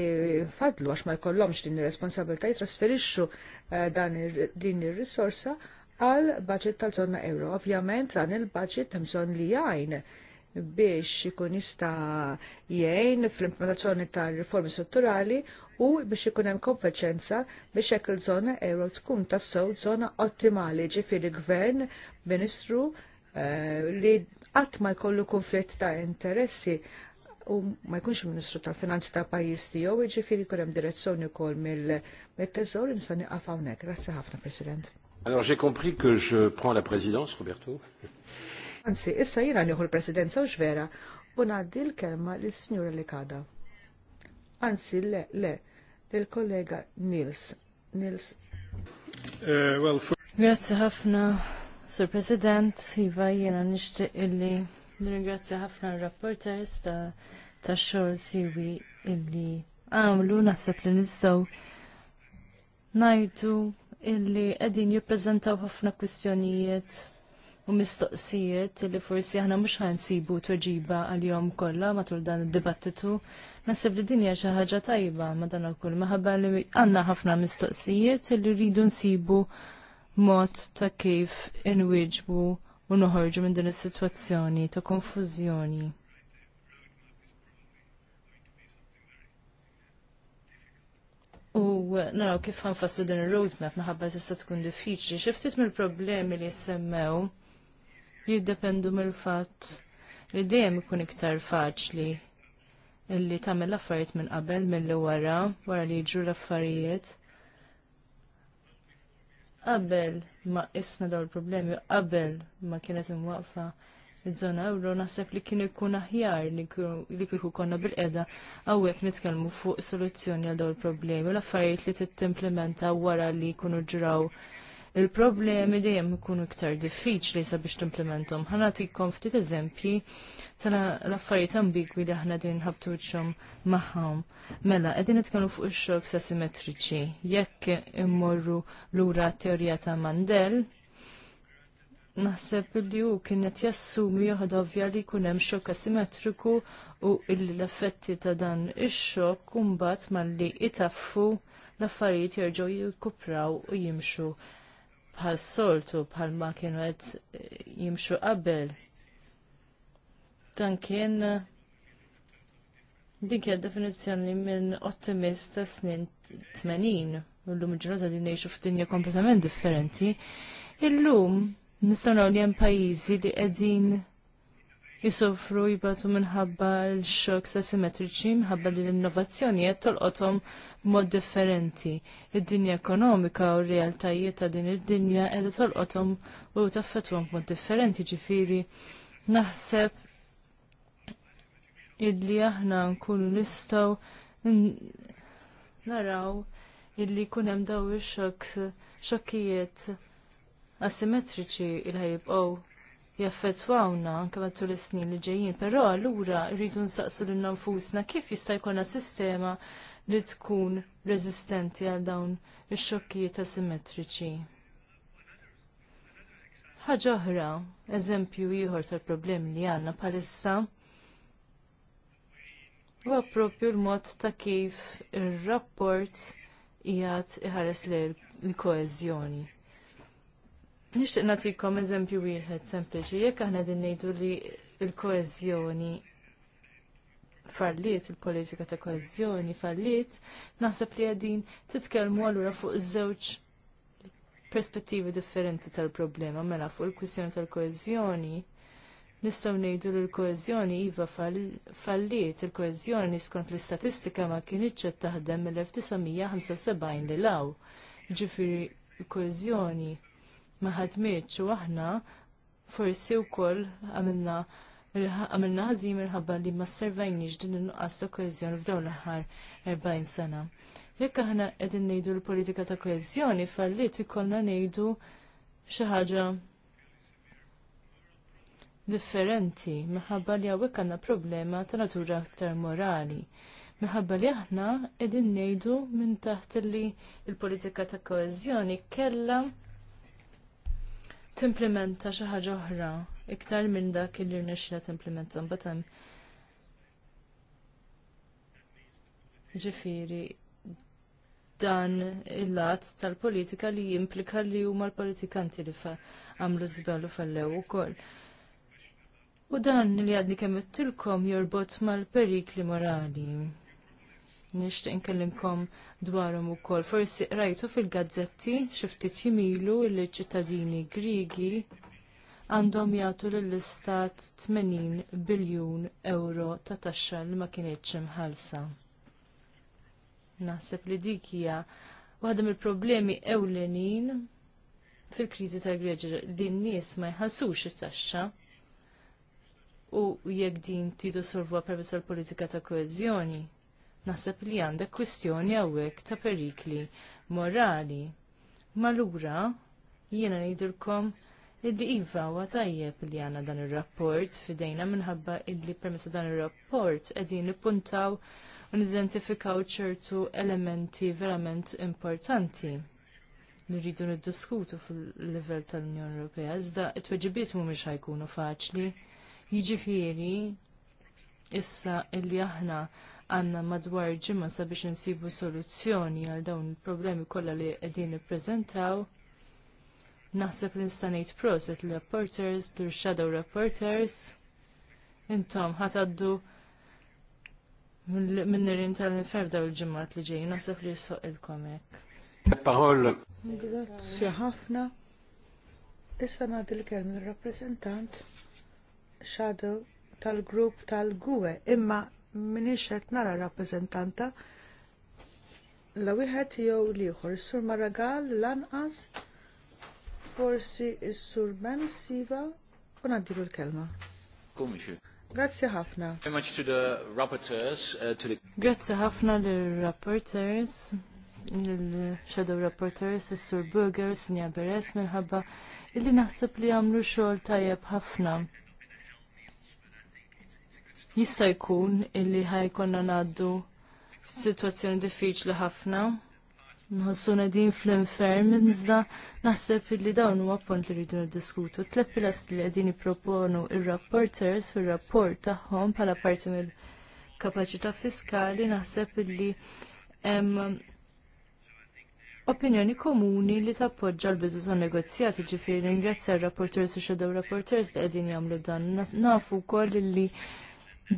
fadlu għax ma jkollhomx din ir-responsabilità jitrasferixxu e, dan din ir-risorsa għal budget tal-żona euro. Ovvjament dan il-budget hemm bżonn li jgħin biex ikun jista jgħin fl-implementazzjoni tal-riformi strutturali u biex ikun hemm konveċenza biex hekk il-żona euro tkun tassew żona ottimali ġifieri gvern, ministru, Eh, li għat ma jkollu konflitt ta' interessi u ma jkunx ministru ta' finanzi ta' pajjiż tiegħu, jiġifieri jkun kurem direzzjoni kol mill tezzor nista' għafawnek. Grazie Grazzi ħafna, President. Allora, j'ai compris que je prends la présidence, Roberto. Anzi, issa jina njuħu l-presidenza u xvera u ngħaddi l-kelma lis-Sinjura Likada. Anzi, le, le, l kollega Nils. Nils. Grazie eh, well, ħafna, Sur President, Iva, jena nishtiq illi nirringrazzja ħafna r-rapporters ta' ta' xogħol siwi illi għamlu naħseb li nistaw ngħidu illi qegħdin jippreżentaw ħafna kwistjonijiet u mistoqsijiet li forsi aħna mhux sibu tweġiba għal-jom kollha matul dan id-dibattitu. Naħseb li din hija xi ħaġa tajba ma dan kull maħabba li għandna ħafna mistoqsijiet li rridu nsibu mod ta' kif inwiġbu u noħorġu minn din is-sitwazzjoni ta' konfużjoni. U naraw kif ħanfaslu din il roadmap naħabba tista' tkun diffiċli. Xi ftit mill-problemi li semmew jiddependu mill-fatt li dejjem ikun iktar faċli illi tagħmel l-affarijiet minn qabel mill wara wara li jiġru l-affarijiet qabel ma isna daw il-problemi, qabel ma kienet imwaqfa id żona euro naħseb li kien ikun aħjar li kieku konna bil-qeda għawek nitkellmu fuq soluzzjoni għal dawn il-problemi u l-affarijiet li t-implementa wara li jkunu ġraw il-problemi dejjem ikunu iktar diffiċli sabiex timplementom. Ħana tikkom ftit eżempji tal-affarijiet ambigwi li aħna din ħabtu magħhom. Mela, it-kanu fuq ix-xoks asimetriċi. Jekk immorru lura teorija ta' Mandel, naħseb li hu kien qed jassumi joħad ovvja li jkun hemm xokk asimetriku u l-effetti ta' dan ix-xokk mbagħad malli itaffu l-affarijiet jerġgħu jikupraw u jimxu bħal soltu bħal ma kienu għed eh, jimxu qabel. Dan kien eh, din kien definizjoni minn ottimist ta' snin 80 u l-lum ġurnata din nejxu f'dinja kompletament differenti. Illum nistgħu li hemm pajjiżi li qegħdin jisofru jibatu minħabba l-xoks asimetriċi, minħabba li l-innovazzjoni jettol tolqothom mod differenti. Id-dinja ekonomika u r-realtajiet ta' din id-dinja tol otom u taffetwhom b'mod differenti ġifiri. naħseb illi aħna nkunu nistgħu naraw illi jkun hemm daw ix xokijiet asimetriċi il-ħajbqgħu jaffetwawna anke matul is-snin li ġejjin, però allura rridu nsaqsu lil nfusna kif jista' jkollna sistema li tkun reżistenti għal dawn ix-xokkijiet asimmetriċi. Ħaġa oħra, eżempju ieħor tal-problemi li għandna bħalissa huwa proprju l-mod ta' kif ir-rapport jgħat iħares il koeżjoni Nixtieq nagħtikom eżempju wieħed sempliċi, jekk aħna din ngħidu li l-koeżjoni falliet il-politika ta' koeżjoni falliet, naħseb li qegħdin titkellmu allura fuq żewġ perspettivi differenti tal-problema mela fuq il-kwistjoni tal koeżjoni nistgħu ngħidu li l-koeżjoni iva falliet il-koeżjoni skont l-istatistika ma kienitx qed taħdem mill-1975 li law. Ġifieri l-koeżjoni ma ħadmitx u aħna forsi wkoll għamilna għamilna ħażin minħabba li ma servajniġ din il nuqqas ta' koeżjoni f'dawn l-aħħar 40 sena. Jekk aħna qegħdin ngħidu l-politika ta' koeżjoni fallit ikollna ngħidu xi ħaġa differenti minħabba li hawnhekk għandna problema ta' natura aktar morali. Minħabba li aħna qegħdin ngħidu minn taħt li l-politika ta' koezjoni kellha timplementa xi ħaġa oħra iktar minn dak li rnexxi timplementa mbagħad hemm ġifieri dan il-lat tal-politika li jimplika li huma l-politikanti li għamlu żbalu fallew ukoll. U dan li għadni kemm ittilkom jorbot mal-perikli morali nixtieq inkellimkom dwarhom ukoll. Forsi rajtu fil-gazzetti xi ftit jimilu li ċittadini Griegi għandhom jagħtu lill-istat 80 biljun euro ta' taxxa li ma kienitx imħallsa. Naħseb li dik hija waħda mill-problemi ewlenin fil-kriżi tal greġi li n-nies ma jħassux it-taxxa u jekk din tidu solvuha permezz tal-politika ta' koeżjoni naħseb li għandek kwistjoni hawnhekk ta' perikli morali. Malura, jiena ngħidulkom illi iva huwa tajjeb li għandna dan ir-rapport fidejna minħabba illi permessa dan ir-rapport qegħdin nippuntaw u nidentifikaw ċertu elementi verament importanti li rridu niddiskutu fil-livell tal-Unjoni Ewropea. Iżda it-tweġibiet mhumiex ħajkunu faċli. Jiġifieri issa illi aħna għanna madwar ġimma sabiex insibu soluzzjoni għal dawn il-problemi kollha li qegħdin nippreżentaw. Naħseb li nista' ngħid proset li reporters, li shadow reporters, intom ħataddu minn nirin tal-infer daw il-ġimgħat li ġej, naħseb li jissoqilkom hekk. Parol. Grazie ħafna. Issa nagħti l-kelm il-rappreżentant Shadow tal-grupp tal gue imma minix qed nara rappreżentanta la wieħed jew l-ieħor. Is-Sur Maragall lanqas forsi is-Sur Ben Siva u nadilu l-kelma. Grazie ħafna. Uh, Grazie ħafna l-rapporteurs, l-shadow rapporteurs, l shadow rapporteurs s sur Burger, Sinja Beres minħabba illi naħseb li għamlu xol tajab ħafna jista' jkun illi ħajkonna ngħaddu situazzjoni diffiċli ħafna. nħossu din fl-inferm, nizda naħseb li dawn huwa punt li rridu niddiskutu. Tliet pilast li qegħdin jipproponu ir-rapporters fir-rapport tagħhom bħala parti mill-kapaċità fiskali naħseb li hemm opinjoni komuni li tappoġġa l-bidu ta' negozjati ġifieri ringrazzja r-rapporters u xedew rapporters li qegħdin jagħmlu dan. Nafu wkoll li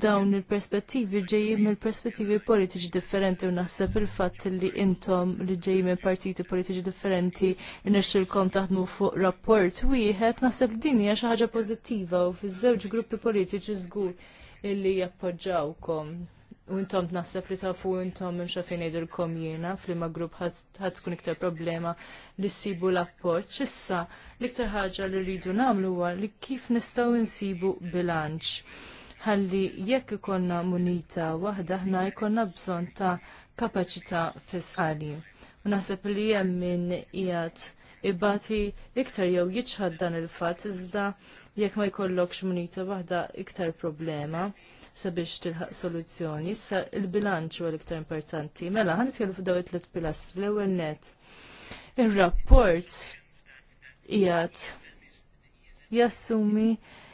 dawn il-perspettivi ġejjin mill-perspettivi politiċi differenti u naħseb il-fatt li intom li ġeji minn partiti politiċi differenti inexxilkom taħdmu fuq rapport wieħed naħseb li din hija xi ħaġa pożittiva u fiż-żewġ gruppi politiċi żgur illi jappoġġawkom. U intom naħseb li tafu intom minn xafin jgħidulkom jiena fl grupp ħadd tkun iktar problema li ssibu l-appoġġ. Issa l-iktar ħaġa li rridu nagħmlu huwa li kif nistgħu nsibu bilanċ ħalli jekk ikonna munita waħda ħna jkollna bżonn ta' kapaċità fiskali. U naħseb li hemm min qiegħed ibati iktar jew jiċħad dan il-fatt iżda jekk ma jkollokx munita waħda iktar problema sabiex tilħaq soluzzjoni. Issa il-bilanċ huwa l-iktar importanti. Mela, ħan nitkellmu fuq dawn it-tliet pilastri. L-ewwel net. Ir-rapport qiegħed jassumi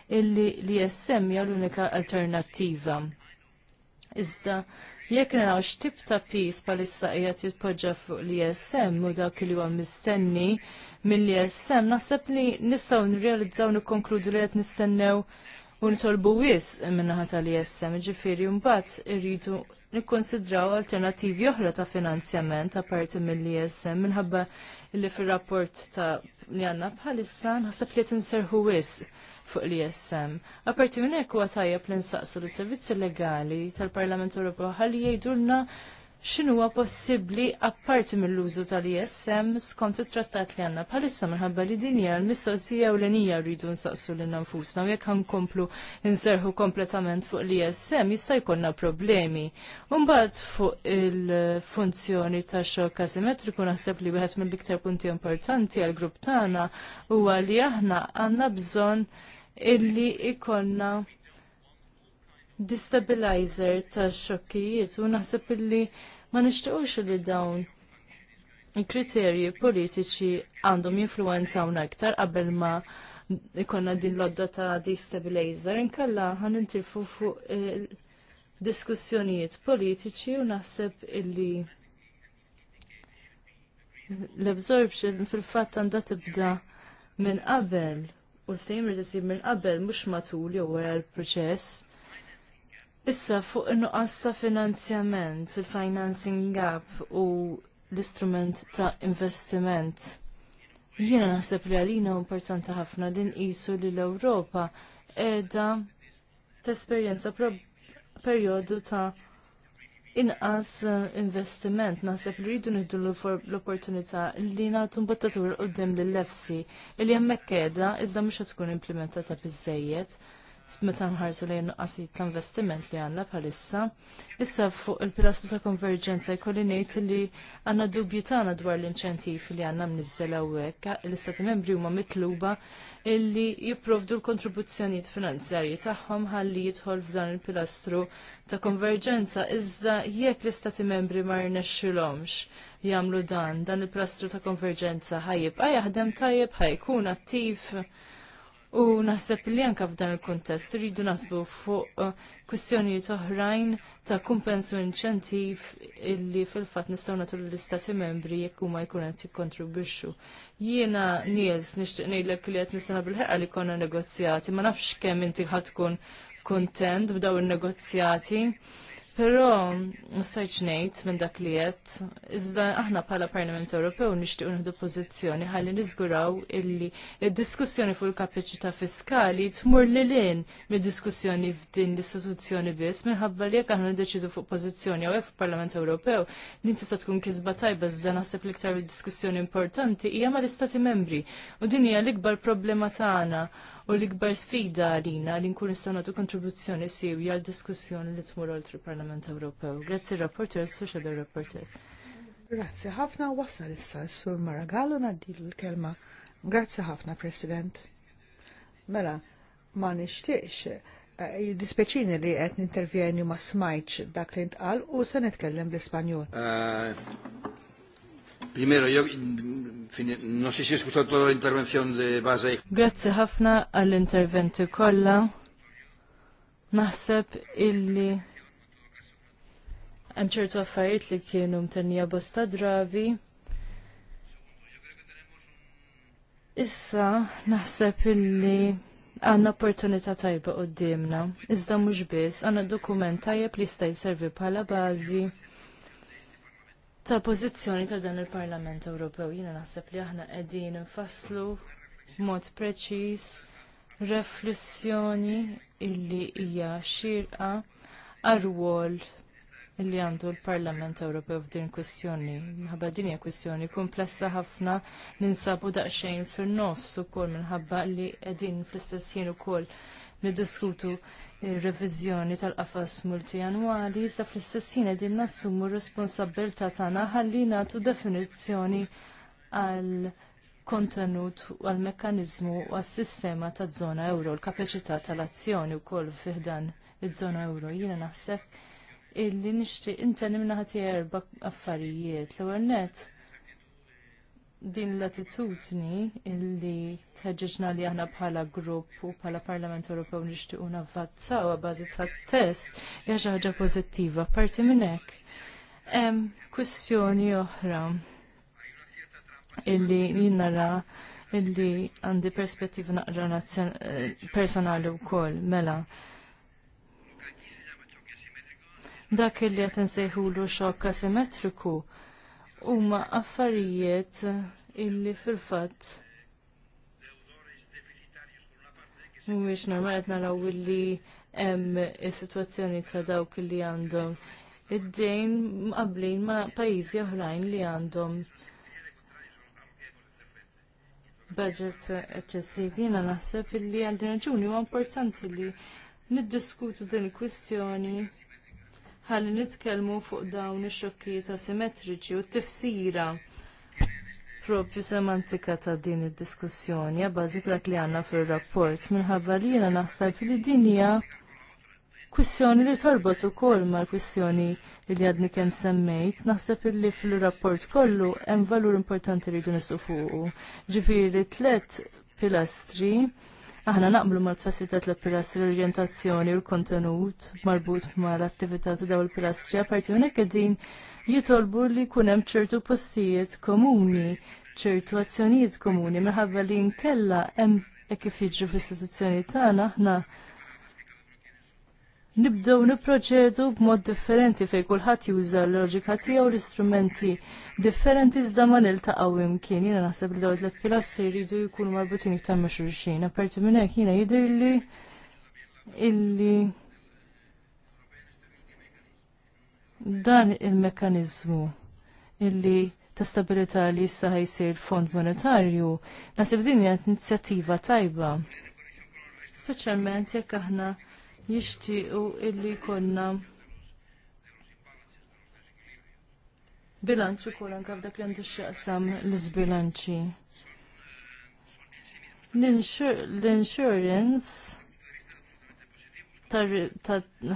illi li jessemja l-unika alternattiva. Iżda, jekk naraw x'tip ta' pis palissa qiegħed jitpoġġa fuq l-ISM u dak li huwa mistenni mill-ISM, naħseb li nistgħu nirrealizzaw nikkonkludu li qed nistennew u nitolbu wis minnaħa tal-ISM, ġifiri mbagħad irridu nikkonsidraw alternattivi oħra ta' finanzjament apparti mill-ISM minħabba li fir-rapport ta' li għandna bħalissa naħseb li tinserħu wis fuq l-ISM. Aparti minn hekk huwa tajjeb li nsaqsu l-servizzi legali tal-Parlament Ewropew ħalli jgħidulna x'inhuwa possibbli apparti mill-użu tal-ISM skont it-trattat li għandna bħalissa minħabba li din hija l-mistoqsija u l-enija rridu nsaqsu lil nfusna u jekk nkomplu nserħu kompletament fuq l-ISM jista' jkollna problemi. Mbagħad fuq il-funzjoni ta' xokk asimetriku naħseb li wieħed mill-iktar punti importanti għall-grupp tagħna huwa li aħna għandna bżonn illi ikonna destabilizer ta' xokkijiet u naħseb illi ma nixtiequx li dawn il-kriterji politiċi għandhom jinfluwenzawna iktar qabel ma ikonna din lodda ta' destabilizer inkella ħan intifu fuq diskussjonijiet politiċi u naħseb illi l-absorption fil-fatt għandha tibda minn qabel u l-ftehim rrid isir minn qabel mhux matul jew wara l-proċess. Issa fuq nuqqas ta' finanzjament, il-financing gap u l-istrument ta' investiment. Jiena naħseb li għalina importanti ħafna li nqisu li l-Ewropa edha tesperjenza perjodu ta' inqas eh, investiment naħseb li rridu niddu l-opportunità li nagħtu mbuttatur qudiem lill-lefsi li hemmhekk qiegħda iżda mhux tkun implementata biżejjed meta nħarsu lejn nuqqasijiet ta' investiment li għandna bħalissa. Issa fuq il-pilastru ta' konverġenza jkolli ngħid li għandna dubju tagħna dwar l-inċentiv li għandna mniżżel hawnhekk l-istati membri huma mitluba illi jipprovdu l-kontribuzzjonijiet finanzjarji tagħhom ħalli jidħol f'dan il-pilastru ta' konverġenza iżda jekk l-istati membri ma rnexxilhomx jagħmlu dan dan il-pilastru ta' konverġenza ħajjib ħajjaħdem tajjeb ħajkun attiv U naħseb li anka f'dan il-kontest rridu nasbu fuq uh, kwistjonijiet oħrajn ta' kumpens u inċentiv illi fil-fatt nistgħu natur l-istati membri jekk huma jkun qed jikkontribwixxu. Jiena nies nixtieq ngħidlek li qed nistgħu bil ħerqa li konna negozjati, ma nafx kemm inti ħadd tkun kuntent b'daw in-negozjati. Però mustajċ ngħid minn dak li jett, iżda aħna bħala Parlament Ewropew nixtiequ unħdu pozizjoni ħalli niżguraw illi il diskussjoni fuq il-kapaċità fiskali tmur lil in mid-diskussjoni f'din l-istituzzjoni biss minħabba li jekk aħna deċidu fuq pożizzjoni għawek fuq parlament Ewropew din tista' tkun kisba tajba iżda naħseb l-iktar diskussjoni importanti hija mal-Istati Membri u din hija l-ikbar problema tagħna u l-ikbar sfida għalina li nkun nistgħu nagħtu kontribuzzjoni sewja għal diskussjoni li tmur oltre parlament Ewropew. Grazzi rapporter, Social Rapporter. Grazzi ħafna wasal issa sur Maragallo naddilu l-kelma. Grazzi ħafna, President. Mela, ma nixtieqx eh, Dispeċini li qed nintervjeni ma smajċ dak li ntqal u se nitkellem bl-Ispanjol. Eh, Primero, io non si escuchó toda l'intervenzione di base. Grazie ħafna għall-interventi kollha. Naħseb illi hemm ċertu affarijiet li kienu mtennija bosta dravi. Issa naħseb illi għanna opportunità tajba qoddimna. Iżda mhux biss għandna dokument tajjeb li jista' servi bħala bażi ta' pożizzjoni ta' dan il-Parlament Ewropew. Jiena naħseb li aħna qegħdin infasslu b'mod preċiż riflessjoni illi hija xirqa għar-rwol illi għandu l-Parlament Ewropew f'din kwistjoni. Minħabba din hija kwistjoni komplessa ħafna ninsabu daqsxejn fin-nofs ukoll minħabba li qegħdin fl-istess ħin ukoll niddiskutu ir-reviżjoni tal-qafas multijanwali, iżda fl-istess ħin qegħdin nassumu r-responsabilità tagħna ħalli nagħtu definizzjoni għal kontenut u għal mekkaniżmu u għas-sistema taż-żona euro, l-kapaċità tal-azzjoni wkoll fih dan iż-żona euro. Jiena naħseb illi nixtieq intenim naħati erba' affarijiet. L-ewwel nett din l-attitudni illi tħeġġeġna li aħna bħala grupp u bħala Parlament Ewropew nixtiequ navvazzaw bażi tat-test hija xi ħaġa pożittiva. Parti minn hekk hemm kwistjoni oħra illi jien nara illi għandi perspettiva naqra eh, personali wkoll mela. Dak illi qed insejħulu xokk asimetriku huma affarijiet illi fil-fatt mhumiex normal qed naraw illi hemm is-sitwazzjoni ta' dawk li għandhom id-dejn mqabblin ma' pajjiżi oħrajn li għandhom budget eċċessiv. Jiena naħseb illi għal din raġuni huwa importanti li niddiskutu din il-kwistjoni ħalli nitkellmu fuq dawn ix-xokkijiet asimetriċi u t-tifsira propju semantika ta' din id-diskussjoni bażi dak li għandna fir-rapport minħabba li jiena naħseb li din hija kwistjoni li torbot ukoll mal-kwistjoni li għadni kemm semmejt, naħseb li fil-rapport kollu hemm valur importanti li jdu nisu fuqu. Ġifieri tliet pilastri Aħna naqblu mal-tfassitat l-pilastri l-orientazzjoni u l-kontenut marbut mal-attività ta' daw il-pilastri għaparti minnek din jitolbu li kunem ċertu postijiet komuni, ċertu azzjonijiet komuni, minħabba li nkella hemm kif jiġri fl-istituzzjoni tagħna aħna nibdew niproċedu b'mod differenti fej kulħadd juża l-loġika tiegħu l-istrumenti differenti iżda ma niltaqgħu imkien. Jiena naħseb li dawn tliet pilastri jridu jkunu marbutin iktar ma' xulxin. Aperti minn hekk jiena jidhirli illi dan il-mekkaniżmu illi ta' stabilità li issa ħajsir fond monetarju, nasib din hija inizjattiva tajba. Speċjalment jekk aħna jixtiequ illi jkollna bilanċi kol anka f'dak li għandu x'jaqsam l iżbilanċi L-insurance ta'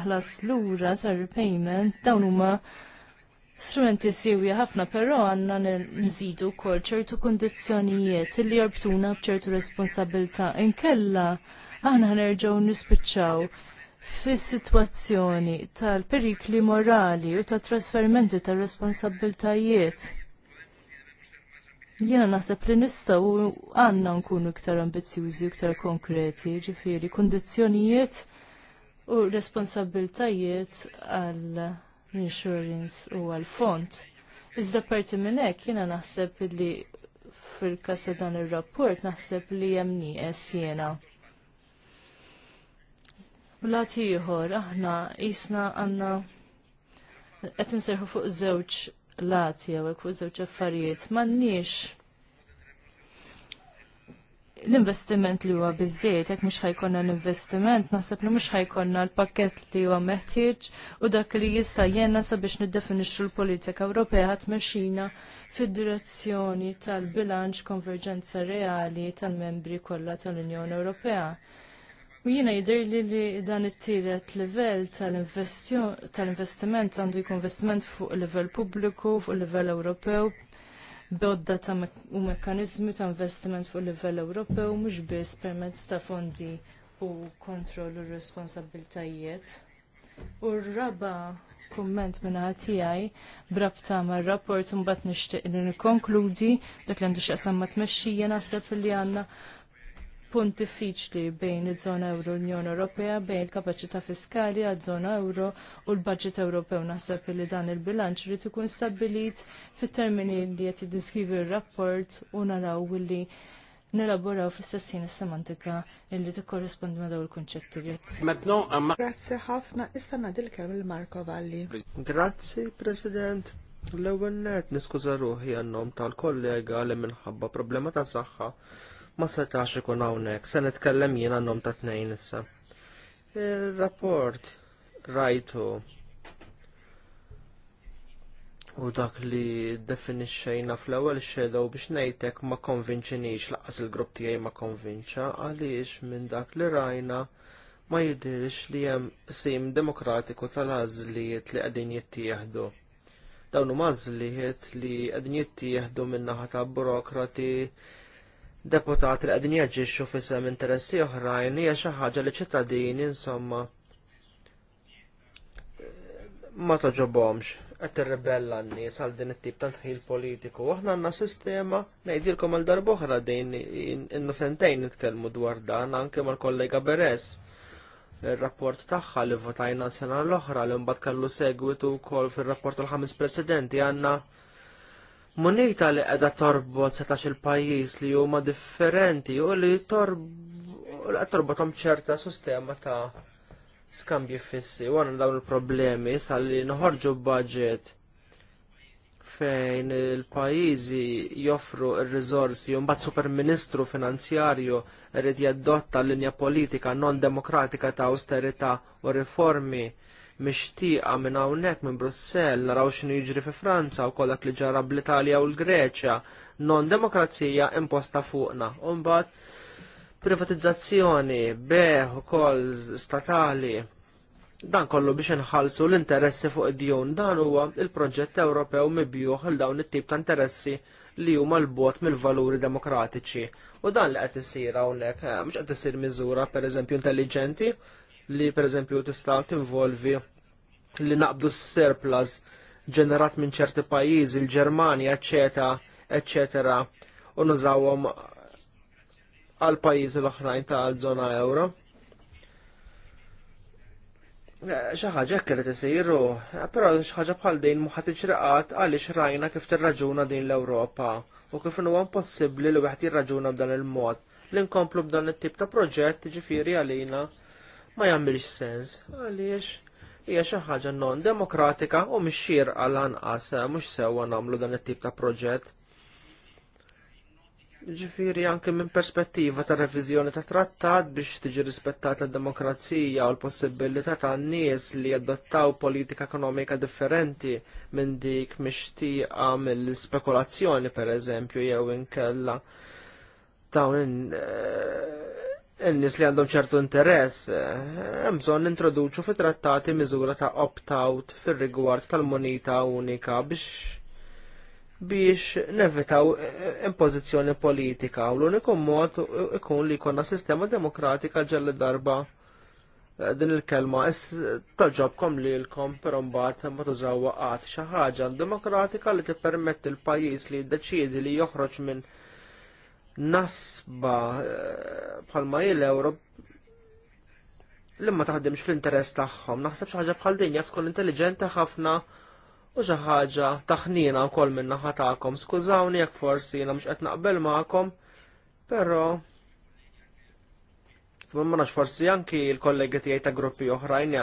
ħlas lura tar-repayment dawn huma strumenti siwi ħafna, però għanna nżidu kol ċertu kondizjonijiet li jorbtuna bċertu responsabilta. Inkella aħna ħnerġaw nispiċċaw fis-sitwazzjoni tal-perikli morali u ta' trasferimenti tar responsabiltajiet Jena naħseb li nistaw għanna nkunu iktar ambizjużi, iktar konkreti, ġifiri, kondizjonijiet u responsabiltajiet għal insurance u għal font. Iżda parti minn hekk jiena naħseb li fil-kasa dan ir-rapport naħseb li hemm nieqes jiena. U ieħor aħna isna għandna qed inserħu fuq żewġ lati jew fuq żewġ affarijiet m'għandniex l-investiment li huwa biżejjed jekk mhux ħajkonna l-investiment, naħseb li mhux ħajkonna l-pakkett li huwa meħtieġ u dak li jista' jenna sabiex niddefinixxu l-politika Ewropea ħadd mexxina fid-direzzjoni tal-bilanċ konverġenza reali tal-membri kollha tal-Unjoni Ewropea. U jiena jidher li, li dan it-tielet livell tal-investiment għandu jkun investiment fuq livell pubbliku, fuq livell Ewropew, bodda ta' u mekanizmi ta' investiment fuq level Ewropew mhux biss permezz ta' fondi u kontrol u responsabiltajiet. U raba kumment minna għatijaj brabta ma' rapport un bat nishtiq li nikonkludi dak li għandu xaqsam ma' tmexxija naħseb li għanna punt diffiċli bejn iż-żona euro l-Unjoni Ewropea bejn il-kapaċità fiskali għaż-żona euro u l-budget Ewropew naħseb li dan il-bilanċ irid ikun stabbilit fit-termini li qed jiddiskrivi r-rapport u naraw li nelaboraw fl-istessin semantika illi tikkorrispondi ma' dawn il-kunċetti. Grazzi. Grazzi ħafna, issa nadil kemm il-Marko Valli. Grazzi, President. L-ewwel net niskuża ruħi għannom tal-kollega li minħabba problema ta' saħħa ma setax ikun hawnhekk, se nitkellem jien għandhom ta' tnejn issa. Il-rapport rajtu u dak li definixxejna fl-ewwel xedew biex ngħidlek ma konvinċinix laqas il-grupp tiegħi ma konvinċa għaliex minn dak li rajna ma jidirx li hemm sim demokratiku tal-għażlijiet li qegħdin jittieħdu. Dawn huma għażlijiet li qegħdin jittieħdu min-naħa ta' burokrati deputati li qegħdin jaġixxu f'isem interessi oħrajn hija xi ħaġa li ċittadini insomma ma toġobhomx qed tirribella n-nies għal din it-tip ta' tħil politiku. Aħna għandna sistema ngħidilkom għal darba oħra din inna sentejn nitkellmu dwar dan anke mal-kollega Beres il-rapport tagħha li votajna sena l-oħra li mbagħad kellu segwitu wkoll fir-rapport tal-ħames presidenti għandna Monita li qiegħda torbot setax il-pajjiż li huma differenti u li torbotom ċerta sistema ta' skambji fissi u għandna dawn il-problemi sal-li noħorġu budget fejn il-pajizi joffru il-rizorsi un bat superministru finanzjarju rrid jaddotta l-linja politika non demokratika ta' austerita u riformi mixtieqa minn hawnhekk minn Brussell naraw x'inhu jiġri fi Franza u kollok li ġara bl-Italja u l-Greċja non demokrazija imposta fuqna. U mbagħad privatizzazzjoni, beħ ukoll statali, Dan kollu biex inħallsu l-interessi fuq id-djun dan huwa il-proġett Ewropew mibjuħ għal dawn it-tip ta' interessi li huma l-bot mill-valuri demokratiċi. U dan li qed isir hawnhekk eh, mhux qed isir miżura pereżempju intelligenti, li pereżempju tista' tinvolvi li naqbdu s-surplus ġenerat minn ċerti pajjiżi, il-Ġermanja, eċetera, eċetera, u nużawhom għal pajjiżi l-oħrajn tal-żona euro. Eh, xi ħaġa hekk irid isir, eh, però xi ħaġa bħal din mhu ħadd iġraqat għaliex rajna kif tirraġuna din l-Ewropa u kif huwa impossibbli li wieħed jirraġuna b'dan il-mod. L-inkomplu b'dan it-tip ta' proġett ġifieri għalina ma jagħmilx sens għaliex hija xi ħaġa non demokratika u mhix xierqa lanqas eh, mhux sewwa nagħmlu dan it-tip ta' proġett. Ġifiri anke minn perspettiva ta' reviżjoni ta' trattat biex tiġi rispettata d-demokrazija u l-possibilità ta' nies li jadottaw politika ekonomika differenti minn dik mixtieqa mill-spekulazzjoni pereżempju jew inkella dawn eh, n-nis li għandhom ċertu interess, eh, hemm bżonn introduċu fi trattati miżura ta' opt-out fir-rigward tal-moneta unika biex biex nevitaw eh, impożizzjoni politika u l-uniku mod ikun li jkollna sistema demokratika ġelli darba eh, din il-kelma is taġobkom li l-kom pero mbagħad ma tużawwa qatt xi ħaġa demokratika li tippermetti l-pajjiż li jiddeċiedi li joħroġ minn nasba eh, bħalma il Europ li ma taħdimx fl-interess tagħhom. Naħseb xi ħaġa bħal din jaf tkun intelligenti ħafna u xi ħaġa taħnina wkoll minn naħa tagħkom. Skużawni jekk forsi jiena mhux qed naqbel magħkom, però ma forsi anki l-kollegi tiegħi ta' gruppi oħrajn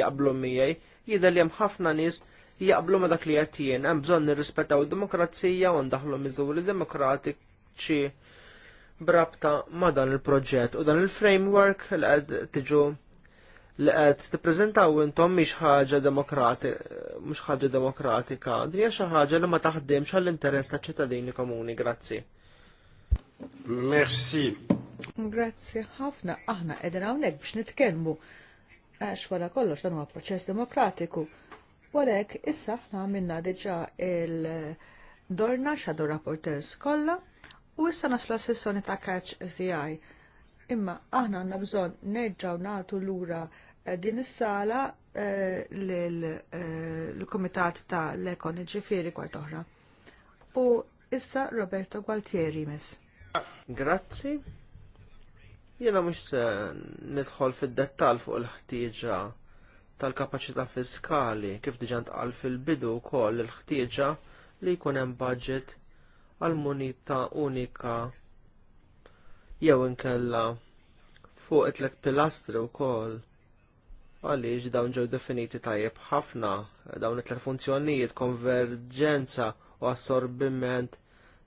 jaqblu miegħi jidher li hemm ħafna nies jaqblu ma dak li qed jien hemm bżonn nirrispettaw id-demokrazija u ndaħlu miżuri demokratiċi brabta ma dan il-proġett u dan il-framework li qed tiġu li qed tippreżentaw intom mhix ħaġa demokratika, mhux ħaġa demokratika, din hija xi ħaġa li ma taħdimx għall-interess taċ ċittadini komuni, grazzi. Merci. Grazzi ħafna, aħna qegħdin hawnhekk biex nitkellmu għax wara kollox dan huwa proċess demokratiku Walek, issa aħna minna diġà il-dorna xadu rapporters kolla u issa naslu sessjoni ta' catch ZI. Imma aħna għandna bżonn natu nagħtu lura eh, din is-sala eh, eh, l-Komitat ta' l-Ekon ġifieri kwart oħra. U issa Roberto Gualtieri mis. Grazzi. Jena mux nidħol fil-dettal fuq il-ħtieġa tal-kapaċità fiskali kif diġà ntqal fil-bidu wkoll il-ħtieġa li jkun hemm budget għal munita unika jew inkella fuq it-tlet pilastri wkoll għaliex dawn ġew definiti tajjeb ħafna dawn it-tlet funzjonijiet konverġenza u assorbiment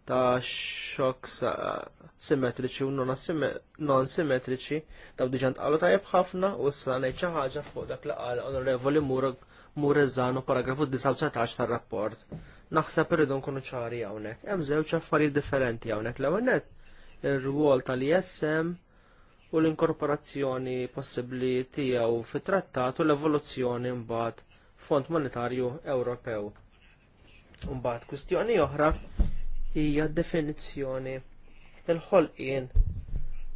ta' xok simmetriċi u non simmetriċi ta' diġan tqalu tajjeb ħafna u s ngħid xi ħaġa fuq dak li qal onorevoli Murezzano paragrafu 19 tar-rapport. Naħseb irridu nkunu ċari hawnhekk. Hemm żewġ affarijiet differenti hawnhekk l-ewwel net ir-rwol tal-ISM u l-inkorporazzjoni possibbli tiegħu fit-trattat u l-evoluzzjoni mbagħad Fond Monetarju Ewropew. Mbagħad kwistjoni oħra hija definizzjoni il-ħolqien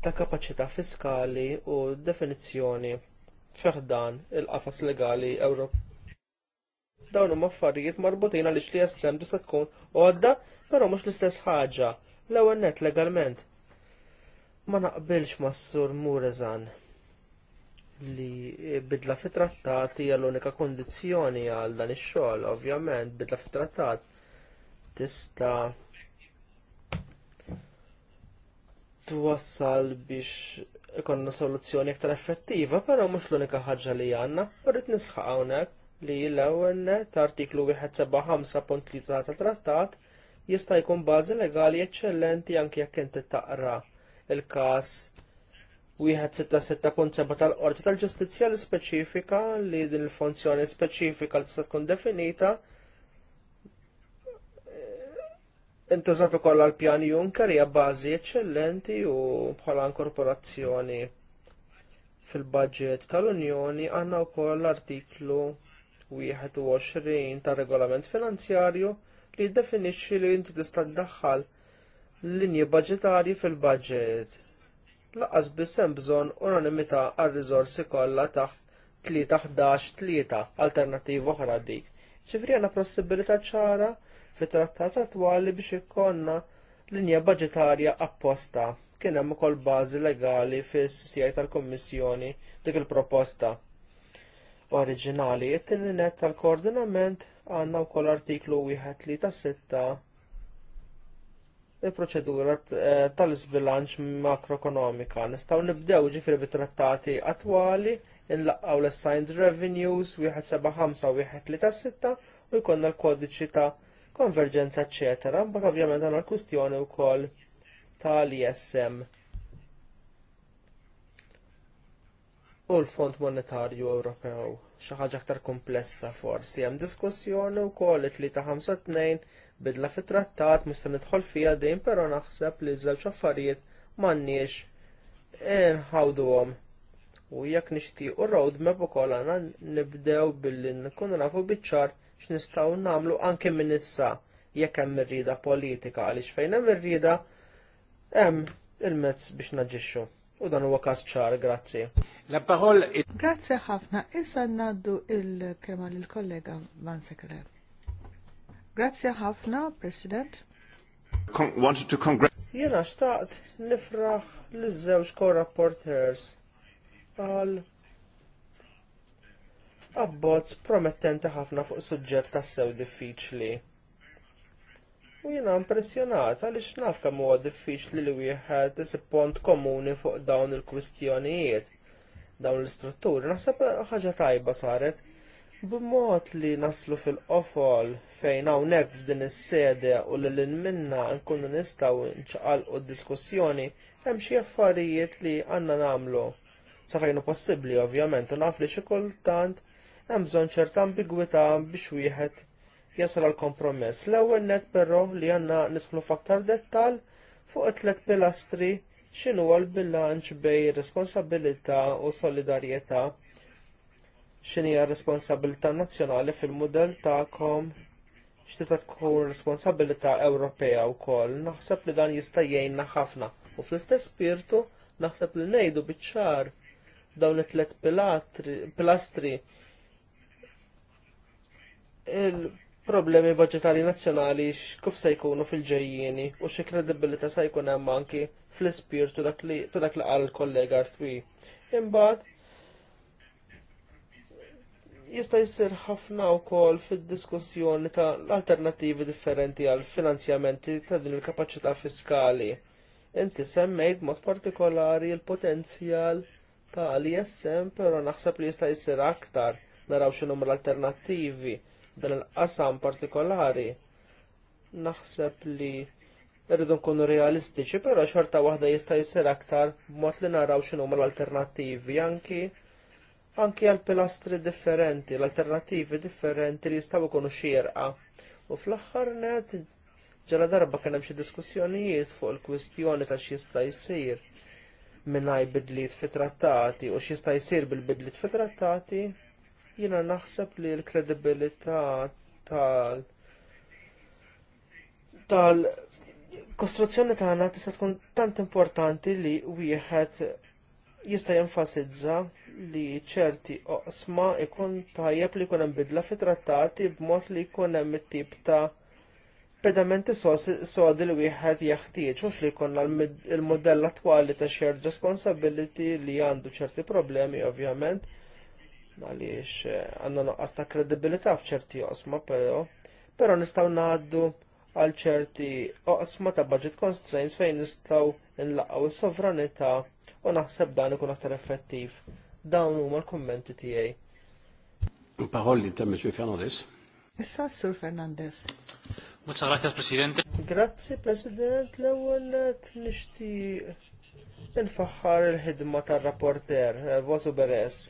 ta' kapaċità fiskali u definizzjoni fiħdan il-qafas legali Ewropew. Dawn huma affarijiet marbutin għaliex li jessem tista' tkun għodda, però mhux l-istess ħaġa l-ewwel net legalment. Ma naqbilx mas-sur Murezan li bidla fit trattat hija l-unika kundizzjoni għal dan ix-xogħol, ovvjament bidla fit trattat tista' twassal biex ikonna soluzzjoni iktar effettiva, però mhux l-unika ħaġa li għandna, rrid nisħaq hawnhekk li l-ewwel ta' artiklu 175.3 tat-trattat jista' jkun bażi legali eċċellenti anke jekk inti taqra il-każ 166.7 tal-Qorti tal-Ġustizzja l-speċifika li din il-funzjoni speċifika li tista' tkun definita Intużat ukoll l pjan Juncker hija bażi eċċellenti u bħala inkorporazzjoni fil-budget tal-Unjoni għandna wkoll l-artiklu 21 tar-regolament finanzjarju li jiddefinixxi li inti tista' tdaħħal linji budġetarji fil-budget. Laqas biss hemm bżonn unanimità għar-riżorsi kollha taħt 3 11 3 alternattiv oħra dik. Ġifri għandna possibilità ċara fit-trattat attwali biex ikkonna linja budgetarja apposta. Kien hemm ukoll bażi legali fis-sijaj tal kummissjoni dik il-proposta oriġinali. It-tieni net tal-koordinament għandna wkoll artiklu wieħed li ta' sitta il-proċedura eh, tal-isbilanċ makroekonomika. Nistgħu nibdew ġifieri bit-trattati attwali inlaqgħu l-assigned revenues wieħed seba' ħamsa u wieħed sitta u jkollna l-kodiċi ta' konverġenza, eccetera, bak ovvjament dan l-kustjoni wkoll tal-ISM u l-Fond Monetarju Ewropew. Xi ħaġa aktar komplessa forsi hemm diskussjoni wkoll it ta' 52 bidla fit-trattat mista' nidħol fiha din però naħseb li żewġ affarijiet m'għandniex inħawduhom. U jekk nixtiequ roadmap ukoll għandna nibdew billi nkunu nafu biċ-ċar x'nistgħu nagħmlu anke minn issa jekk hemm irrieda politika għaliex fejn hemm irrieda hemm il-mezz biex naġixxu. U dan huwa każ ċar, grazzi. La parol Grazzi ħafna. Issa ngħaddu il-kelma lill-kollega Van Sekre. Grazzi ħafna, President. wanted to congrat Jena xtaqt nifraħ l-żewġ co-rapporters għal abbozz promettenti ħafna fuq suġġett tassew diffiċli. U jiena impressjonat għaliex naf kemm huwa diffiċli li wieħed isippont komuni fuq dawn il-kwistjonijiet dawn l-istrutturi naħseb ħaġa tajba saret b'mod li naslu fil-qofol fejn hawnhekk f'din is-sede u lil minna nkunu nistgħu nċaqalqu d-diskussjoni hemm xi affarijiet li għandna nagħmlu sa fejn possibbli ovvjament u naf li xi kultant hemm bżonn ċerta ambigwità biex wieħed jasal għal kompromess. L-ewwel net però li għandna nidħlu f'aktar dettall fuq it-tlet pilastri x'inhu l-bilanċ bej responsabilità u solidarjetà. X'inhi r-responsabilità nazzjonali fil-mudell tagħkom x'tista' tkun responsabilità Ewropea wkoll. Naħseb li dan jista' jgħinna ħafna. U fl-istess spirtu naħseb li ngħidu biċ-ċar dawn it-tlet pilastri il-problemi budgetari nazzjonali x'kif se jkunu fil-ġejjieni u xi kredibilità se jkun hemm anki fl-ispirtu dak li qal kollega Artwi. Imbagħad jista' jsir ħafna wkoll fid-diskussjoni ta' alternattivi differenti għal finanzjamenti ta' din il-kapaċità fiskali. Inti semmejt mod partikolari l-potenzjal ta' l-ISM, però naħseb li jista' jsir aktar naraw xi numru alternattivi dan il-qasam partikolari, naħseb li rridu nkunu realistiċi, però xorta waħda jista' jsir aktar b'mod li naraw x'inhu l-alternattivi anki anki għal pilastri differenti, l-alternattivi differenti li jistgħu jkunu xierqa. U fl-aħħar net ġala darba kien hemm xi diskussjonijiet fuq il-kwistjoni ta' x'jista' jsir mingħajr bidliet fit trattati u x'jista' jsir bil-bidliet fit trattati Jiena naħseb li l-kredibilità tal tal kostruzzjoni tagħna tista' tkun tant importanti li wieħed jista' jenfasizza li ċerti oqsma ikun tajjeb li jkun hemm bidla fi trattati b'mod li jkun hemm it-tip ta' pedamenti sodi li wieħed jeħtieġ mhux li jkollna il modell attwali ta' shared responsibility li għandu ċerti problemi ovvjament għaliex eh, għandna noqqas ta' kredibilità f'ċerti osma, però, però nistgħu ngħaddu għal ċerti osma ta' budget constraints fejn nistgħu nlaqgħu s-sovranità u naħseb dan ikun aktar effettiv. Dawn huma l-kummenti tiegħi. Parolli ta' Mr. Fernandez. Issa Sur Fernandez. Muchas gracias, Presidente. Grazzi, President. L-ewwel nixtieq nfaħħar il-ħidma tar-rapporter eh, Vosu Beres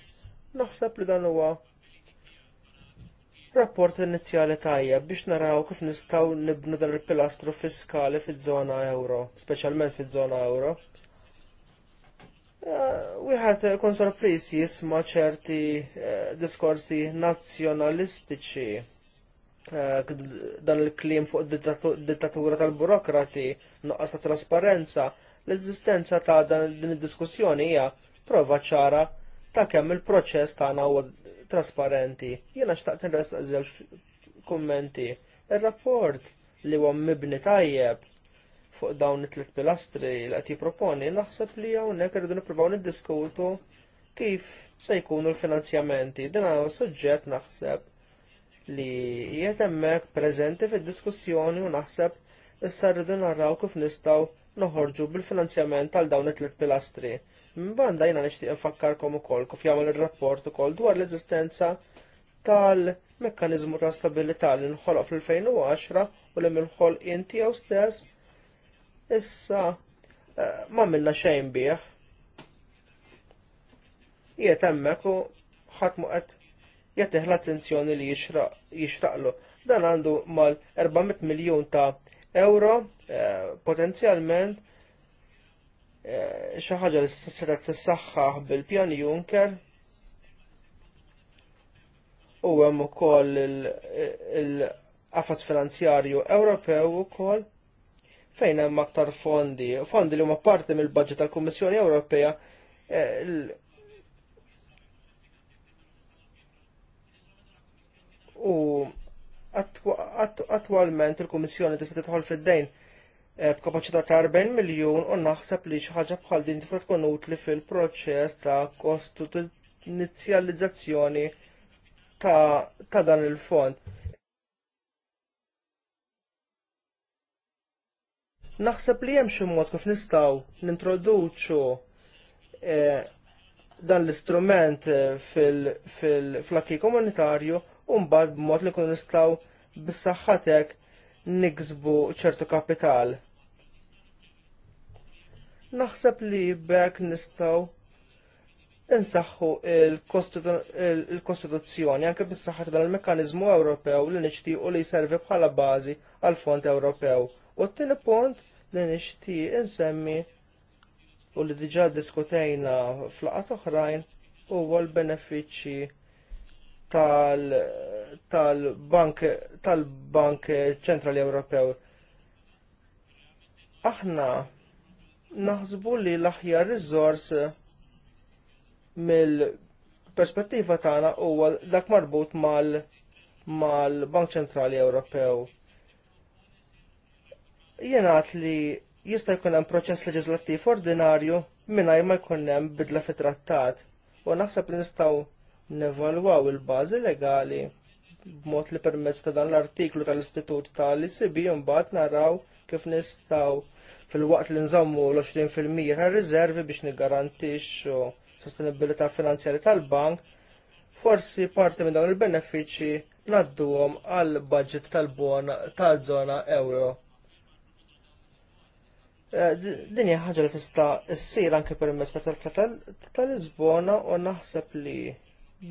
Naħseb li dan huwa rapport inizjali tajjeb biex naraw kif nistgħu nibnu dan il-pilastru fiskali fiż-żona euro, speċjalment fiż-żona euro. Wieħed kon sorpriż jisma' ċerti eh, diskorsi nazzjonalistiċi eh, dan il-klim fuq dittatura tal-burokrati, noqqas ta' trasparenza, l-eżistenza ta' dan din id-diskussjoni hija prova ċara ta' kemm il-proċess tagħna huwa trasparenti. Jiena xtaqt nrestaq żewġ kummenti. Ir-rapport li huwa mibni tajjeb fuq dawn it-tliet pilastri li qed jipproponi, naħseb li hawnhekk irridu nippruvaw niddiskutu kif se jkunu l-finanzjamenti. Din huwa suġġett naħseb li qiegħed hemmhekk preżenti fid-diskussjoni u naħseb issa rridu naraw kif nistgħu noħorġu bil-finanzjament għal dawn it-tliet pilastri. Mbanda jina nishtiq nfakkarkom ukoll kif jagħmel ir-rapport ukoll dwar l-eżistenza tal-mekkanizmu ta' stabilità li nħoloq fl-2010 u li mill-ħol tiegħu stess issa eh, ma minna xejn bih. Jiet emmek u ħadd qed jatteħ l-attenzjoni li jixraqlu. Dan għandu mal-400 miljon ta' euro eh, potenzjalment Eh, xi ħaġa li s-seret fis-saħħa bil-pjan Juncker u hemm ukoll il għafat finanzjarju Ewropew ukoll fejn hemm aktar fondi, fondi li huma parti mill-budget tal-Kummissjoni Ewropea eh, u attwalment il-Kummissjoni tista' tidħol fid-dejn Eh, b'kapaċità ta' 40 miljun u naħseb li xi ħaġa bħal din tista' tkun utli fil-proċess ta' kostituzzjonizzazzjoni ta' dan il-fond. Naħseb li hemm xi mod kif nistgħu nintroduċu eh, dan l-istrument eh, fil-flakki komunitarju u mbagħad b'mod li kun nistgħu bis-saħħatek niksbu ċertu kapital. Naħseb li bekk nistgħu insaħħu il-Kostituzzjoni anke bis-saħħa il mekkaniżmu Ewropew li nixtiequ li jservi bħala bażi għal fond Ewropew. U t-tieni punt li nixtieq insemmi u li diġà diskutejna laqgħat oħrajn huwa l-benefiċċji tal-Bank tal bank ċentrali Ewropew. Aħna naħsbu li l-aħjar riżors mill-perspettiva tagħna huwa dak marbut mal mal-Bank Ċentrali Ewropew. Jingħad li jista' jkun hemm proċess leġislattiv ordinarju mingħajr ma jkun hemm bidla fit-trattat u naħseb li nistgħu nevalwaw il-bażi legali b'mod li permezz ta' dan l-artiklu tal-Istitut tal-ICB mbagħad naraw kif nistgħu fil-waqt li nżommu l-20% tal rizervi biex niggarantix sostenibilità finanzjarja tal-bank, forsi parti minn dawn il-benefiċċji nadduhom għal budget tal bona tal-żona euro. Eh, din hija ħaġa li tista' ssir anke permezz tal-Lisbona u naħseb li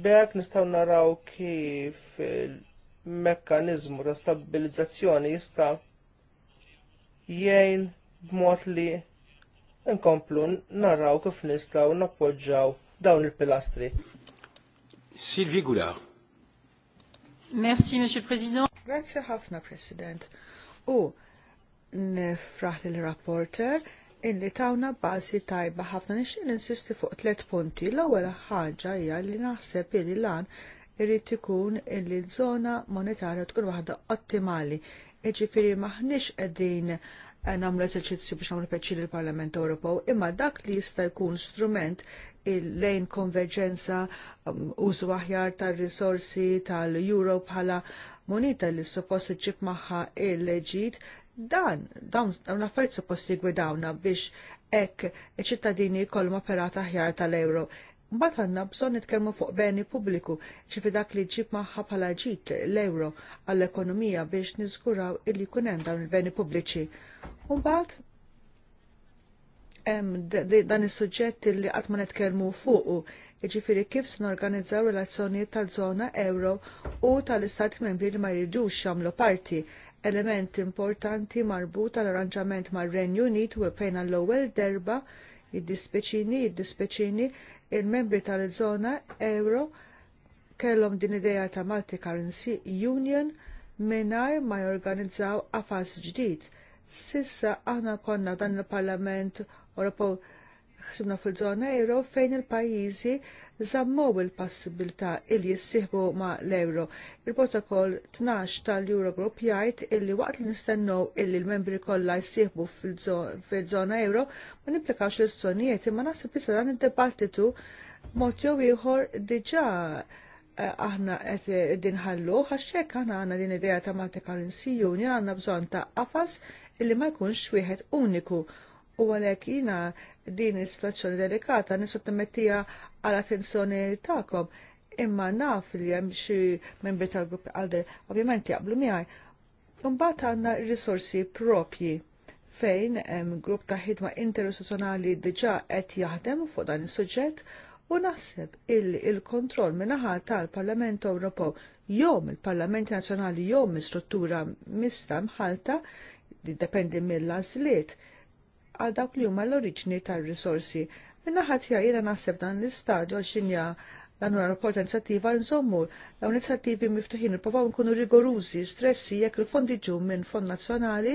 b'hekk nistgħu naraw kif il-mekkaniżmu ta' stabilizzazzjoni jista' jgħin b'mod li nkomplu narraw kif nistgħu nappoġġjaw dawn il-pilastri. Sylvie Goulard. Merci, Monsieur le Président. Grazie ħafna, President. U nifraħ li l-rapporter illi tawna bazi tajba ħafna nixtieq insisti fuq tliet punti. L-ewwel ħaġa hija li naħseb li lan irrid ikun illi żona monetarja tkun waħda ottimali. Jiġifieri maħniex qegħdin Eh, nagħmlu eserċizzju biex namlu peċċi lill-Parlament Ewropew, imma dak li jista' jkun strument lejn konverġenza um, użu aħjar tar-risorsi tal-Euro bħala moneta li suppost iġib magħha il-leġid dan, dawn l-affarijiet suppost jigwidawna biex hekk iċ-ċittadini jkollhom operata aħjar tal-euro. Mbagħad għandna bżonn nitkellmu fuq beni pubbliku, ċifi dak li ġib magħha bħala ġit l-euro għall-ekonomija biex niżguraw illi jkun hemm dawn il-beni pubbliċi. U mbagħad hemm dan is-suġġett li qatt ma nitkellmu fuqu, jiġifieri kif s norganizzaw relazzjonijiet tal-żona euro u tal-istati membri li ma jridux jagħmlu parti element importanti marbut għall arranġament mar-Renju Unit u fejn għall-ewwel derba jiddispeċini, jiddispeċini il-membri tal-żona euro kellhom din idea ta' Malti Currency Union mingħajr ma jorganizzaw għafas ġdid. Sissa aħna konna dan il-Parlament Ewropew ħsibna fil-żona euro fejn il-pajjiżi żammow il-possibilità il jissieħbu ma' l-euro. Il-protokoll 12 tal-Eurogroup jgħid illi waqt li nistennew illi l-membri kollha jissieħbu fil-żona euro ma nimplikax l-izzonijiet imma naħseb li dan id-dibattitu mod jew ieħor diġà eh, aħna qed dinħallu hekk aħna għandna din idea ta' Malta Currency Union għandna bżonn ta' qafas illi ma jkunx wieħed uniku u għalhekk jiena din is-situazzjoni delikata nisottomettija għal attenzjoni tagħkom. Imma naf li hemm xi membri tal-grupp għalde ovvjament jaqblu miegħi. Imbagħad għandna risorsi propji fejn hemm grupp ta' ħidma interistituzzjonali diġà qed jaħdem fuq dan is-suġġett u naħseb il-kontroll il minnaħa tal-Parlament Ewropew jom il-Parlament Nazzjonali jom struttura mista mħalta dipendi mill-għażliet għal dawk li huma l-oriġni tar-risorsi. Minna ħatja jiena naħseb dan l-istadju għal xinja dan u rapport inizjattiva nżommu dawn inizjattivi miftuħin nipprovaw nkunu rigorużi, stressi jekk il-fondi ġu minn fond nazzjonali,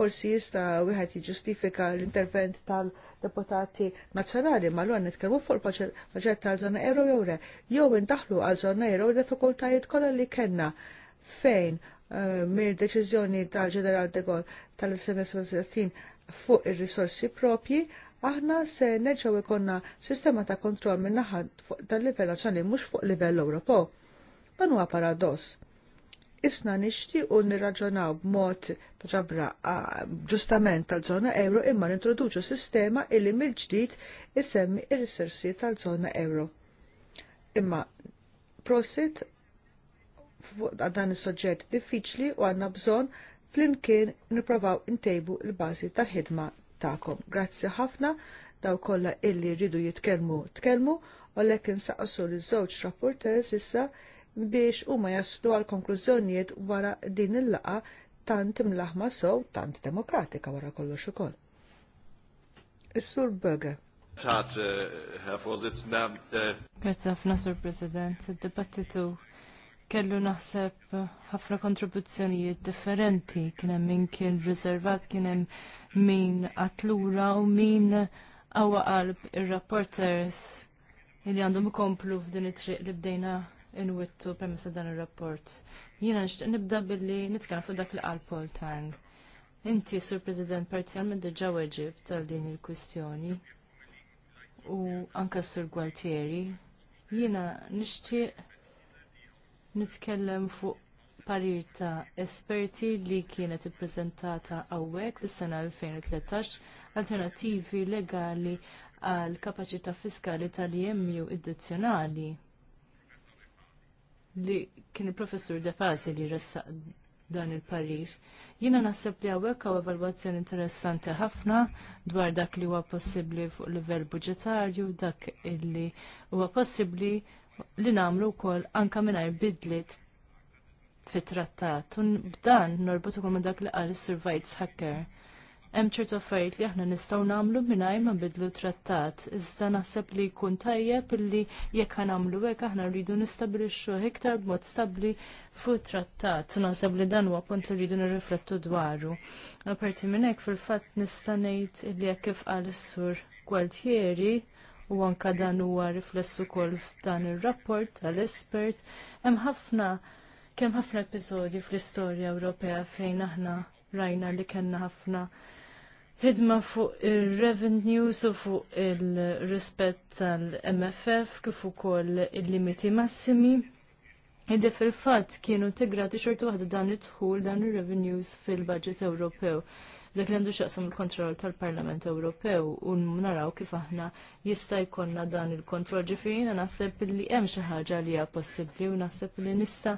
forsi jista' wieħed jiġġustifika l-intervent tal-deputati nazzjonali, ma l nitkellmu fuq il proġett tal-żona euro jew re, jew intaħlu għal żona euro diffikultajiet kollha li kellna fejn eh, mill deċiżjoni tal-ġeneral de Gaulle tal-1960 fuq ir-risorsi propji, aħna se nerġgħu ikonna sistema ta' kontroll minn naħa fuq tal-livell nazzjonali mhux fuq livell Ewropew. Dan huwa paradoss. Isna nixtiequ nirraġunaw b'mod ta' ġabra ġustament tal-żona euro imma nintroduċu sistema illi mill-ġdid isemmi ir-risorsi tal-żona euro. Imma prosit fuq dan is-soġġett diffiċli u għandna bżonn flimkien nipprovaw intejbu l-bażi tal-ħidma tagħkom. Grazzi ħafna daw kollha illi rridu jitkellmu tkellmu u lekk insaqsu li żewġ rapporters issa biex huma jaslu għal konklużjonijiet wara din il-laqa tant imlaħma sew tant demokratika wara kollox ukoll. Is-Sur Böge. Eh, eh, Grazzi ħafna, Sur President. Dibattitu kellu naħseb ħafna kontribuzzjonijiet differenti, kien hemm min kien riservat, kien hemm min għatlura u min għawa qalb ir-rapporters li għandhom ikomplu f'din it-triq li bdejna inwittu permessa dan ir-rapport. Jiena nixtieq nibda billi nitkellem fuq dak li qal Paul Tang. Inti, Sur President, parzjalment diġà weġib tal din il-kwistjoni u anka Sur Gualtieri. Jiena nixtieq nitkellem fuq parir ta' esperti li kienet ippreżentata hawnhekk fis-sena 2013 alternattivi legali għal kapaċità fiskali tal-jemmju addizzjonali li kien il-professur De Pasi li ressaq dan il-parir. Jiena naħseb li hawnhekk hawn evalwazzjoni interessanti ħafna dwar dak li huwa possibbli fuq livell budġetarju, dak li huwa possibbli li namlu wkoll anka mingħajr bidliet fit-trattat. U b'dan norbutu kol dak li qal is-survived hacker. Hemm ċertu affarijiet li aħna nistgħu nagħmlu mingħajr ma bidlu trattat. Iżda naħseb li jkun tajjeb illi jekk nagħmlu hekk aħna rridu nistabilixxu iktar b'mod stabbli fuq trattat. U naħseb li dan huwa punt li rridu nirriflettu dwaru. Aparti minn hekk fil-fatt nista' ngħid li hekk kif qal is-sur Gualtieri u anka dan huwa riflessu ukoll f'dan ir-rapport tal-espert hemm ħafna kemm ħafna episodji fl-istorja Ewropea fejn aħna rajna li kellna ħafna ħidma fuq il-revenues u fuq il-rispett tal-MFF kif ukoll il-limiti massimi. Ide fil-fatt kienu integrati xorta waħda dan id-dħul dan ir revenues fil-budget Ewropew dak li għandu xaqsam il-kontroll tal-Parlament Ewropew u naraw kif aħna jista' jkollna dan il-kontroll ġifieri naħseb li hemm xi ħaġa li hija possibbli u naħseb li nista'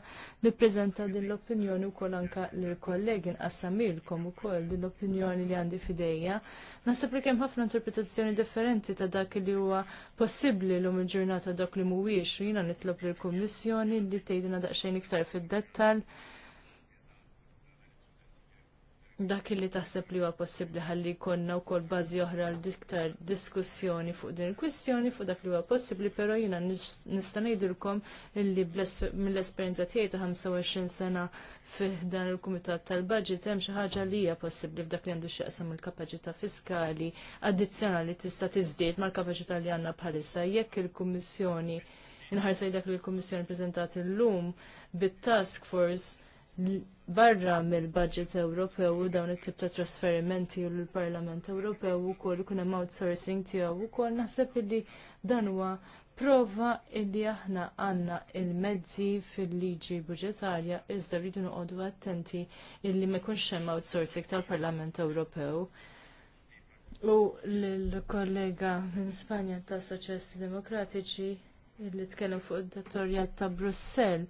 nippreżenta din l-opinjoni wkoll anke lill-kollegi nqassamilkom ukoll din l-opinjoni li għandi fidejja. Naħseb li kemm ħafna interpretazzjoni differenti ta' dak li huwa possibbli l-lum il-ġurnata dak li mhuwiex jiena nitlob lill-Kummissjoni li tgħidilna daqsxejn iktar fid-dettall dak li taħseb li huwa possibbli ħalli jkollna wkoll bażi oħra l iktar diskussjoni fuq din il-kwistjoni fuq dak li huwa possibbli, però jiena nista' ngħidilkom illi mill-esperjenza tiegħi ta' 25 sena fih dan il-Kumitat tal-Baġit hemm xi ħaġa li hija possibbli f'dak li għandu x'jaqsam il-kapaċità fiskali addizzjonali tista' tiżdied mal-kapaċità li għandna bħalissa jekk il-Kummissjoni inħarsaj dak li l-Kummissjoni preżentat illum bit-task force barra mill-budget Ewropew u dawn it-tip ta' trasferimenti u l-Parlament Ewropew ukoll ikun hemm outsourcing tiegħu wkoll naħseb illi dan huwa prova illi aħna għandna il-mezzi fil-liġi budġetarja iżda rridu noqogħdu attenti illi ma jkunx hemm outsourcing tal-Parlament Ewropew. U l-kollega minn Spanja tas Soċjalisti Demokratiċi اللي tkellem fuq id-dottorjat ta' Brussell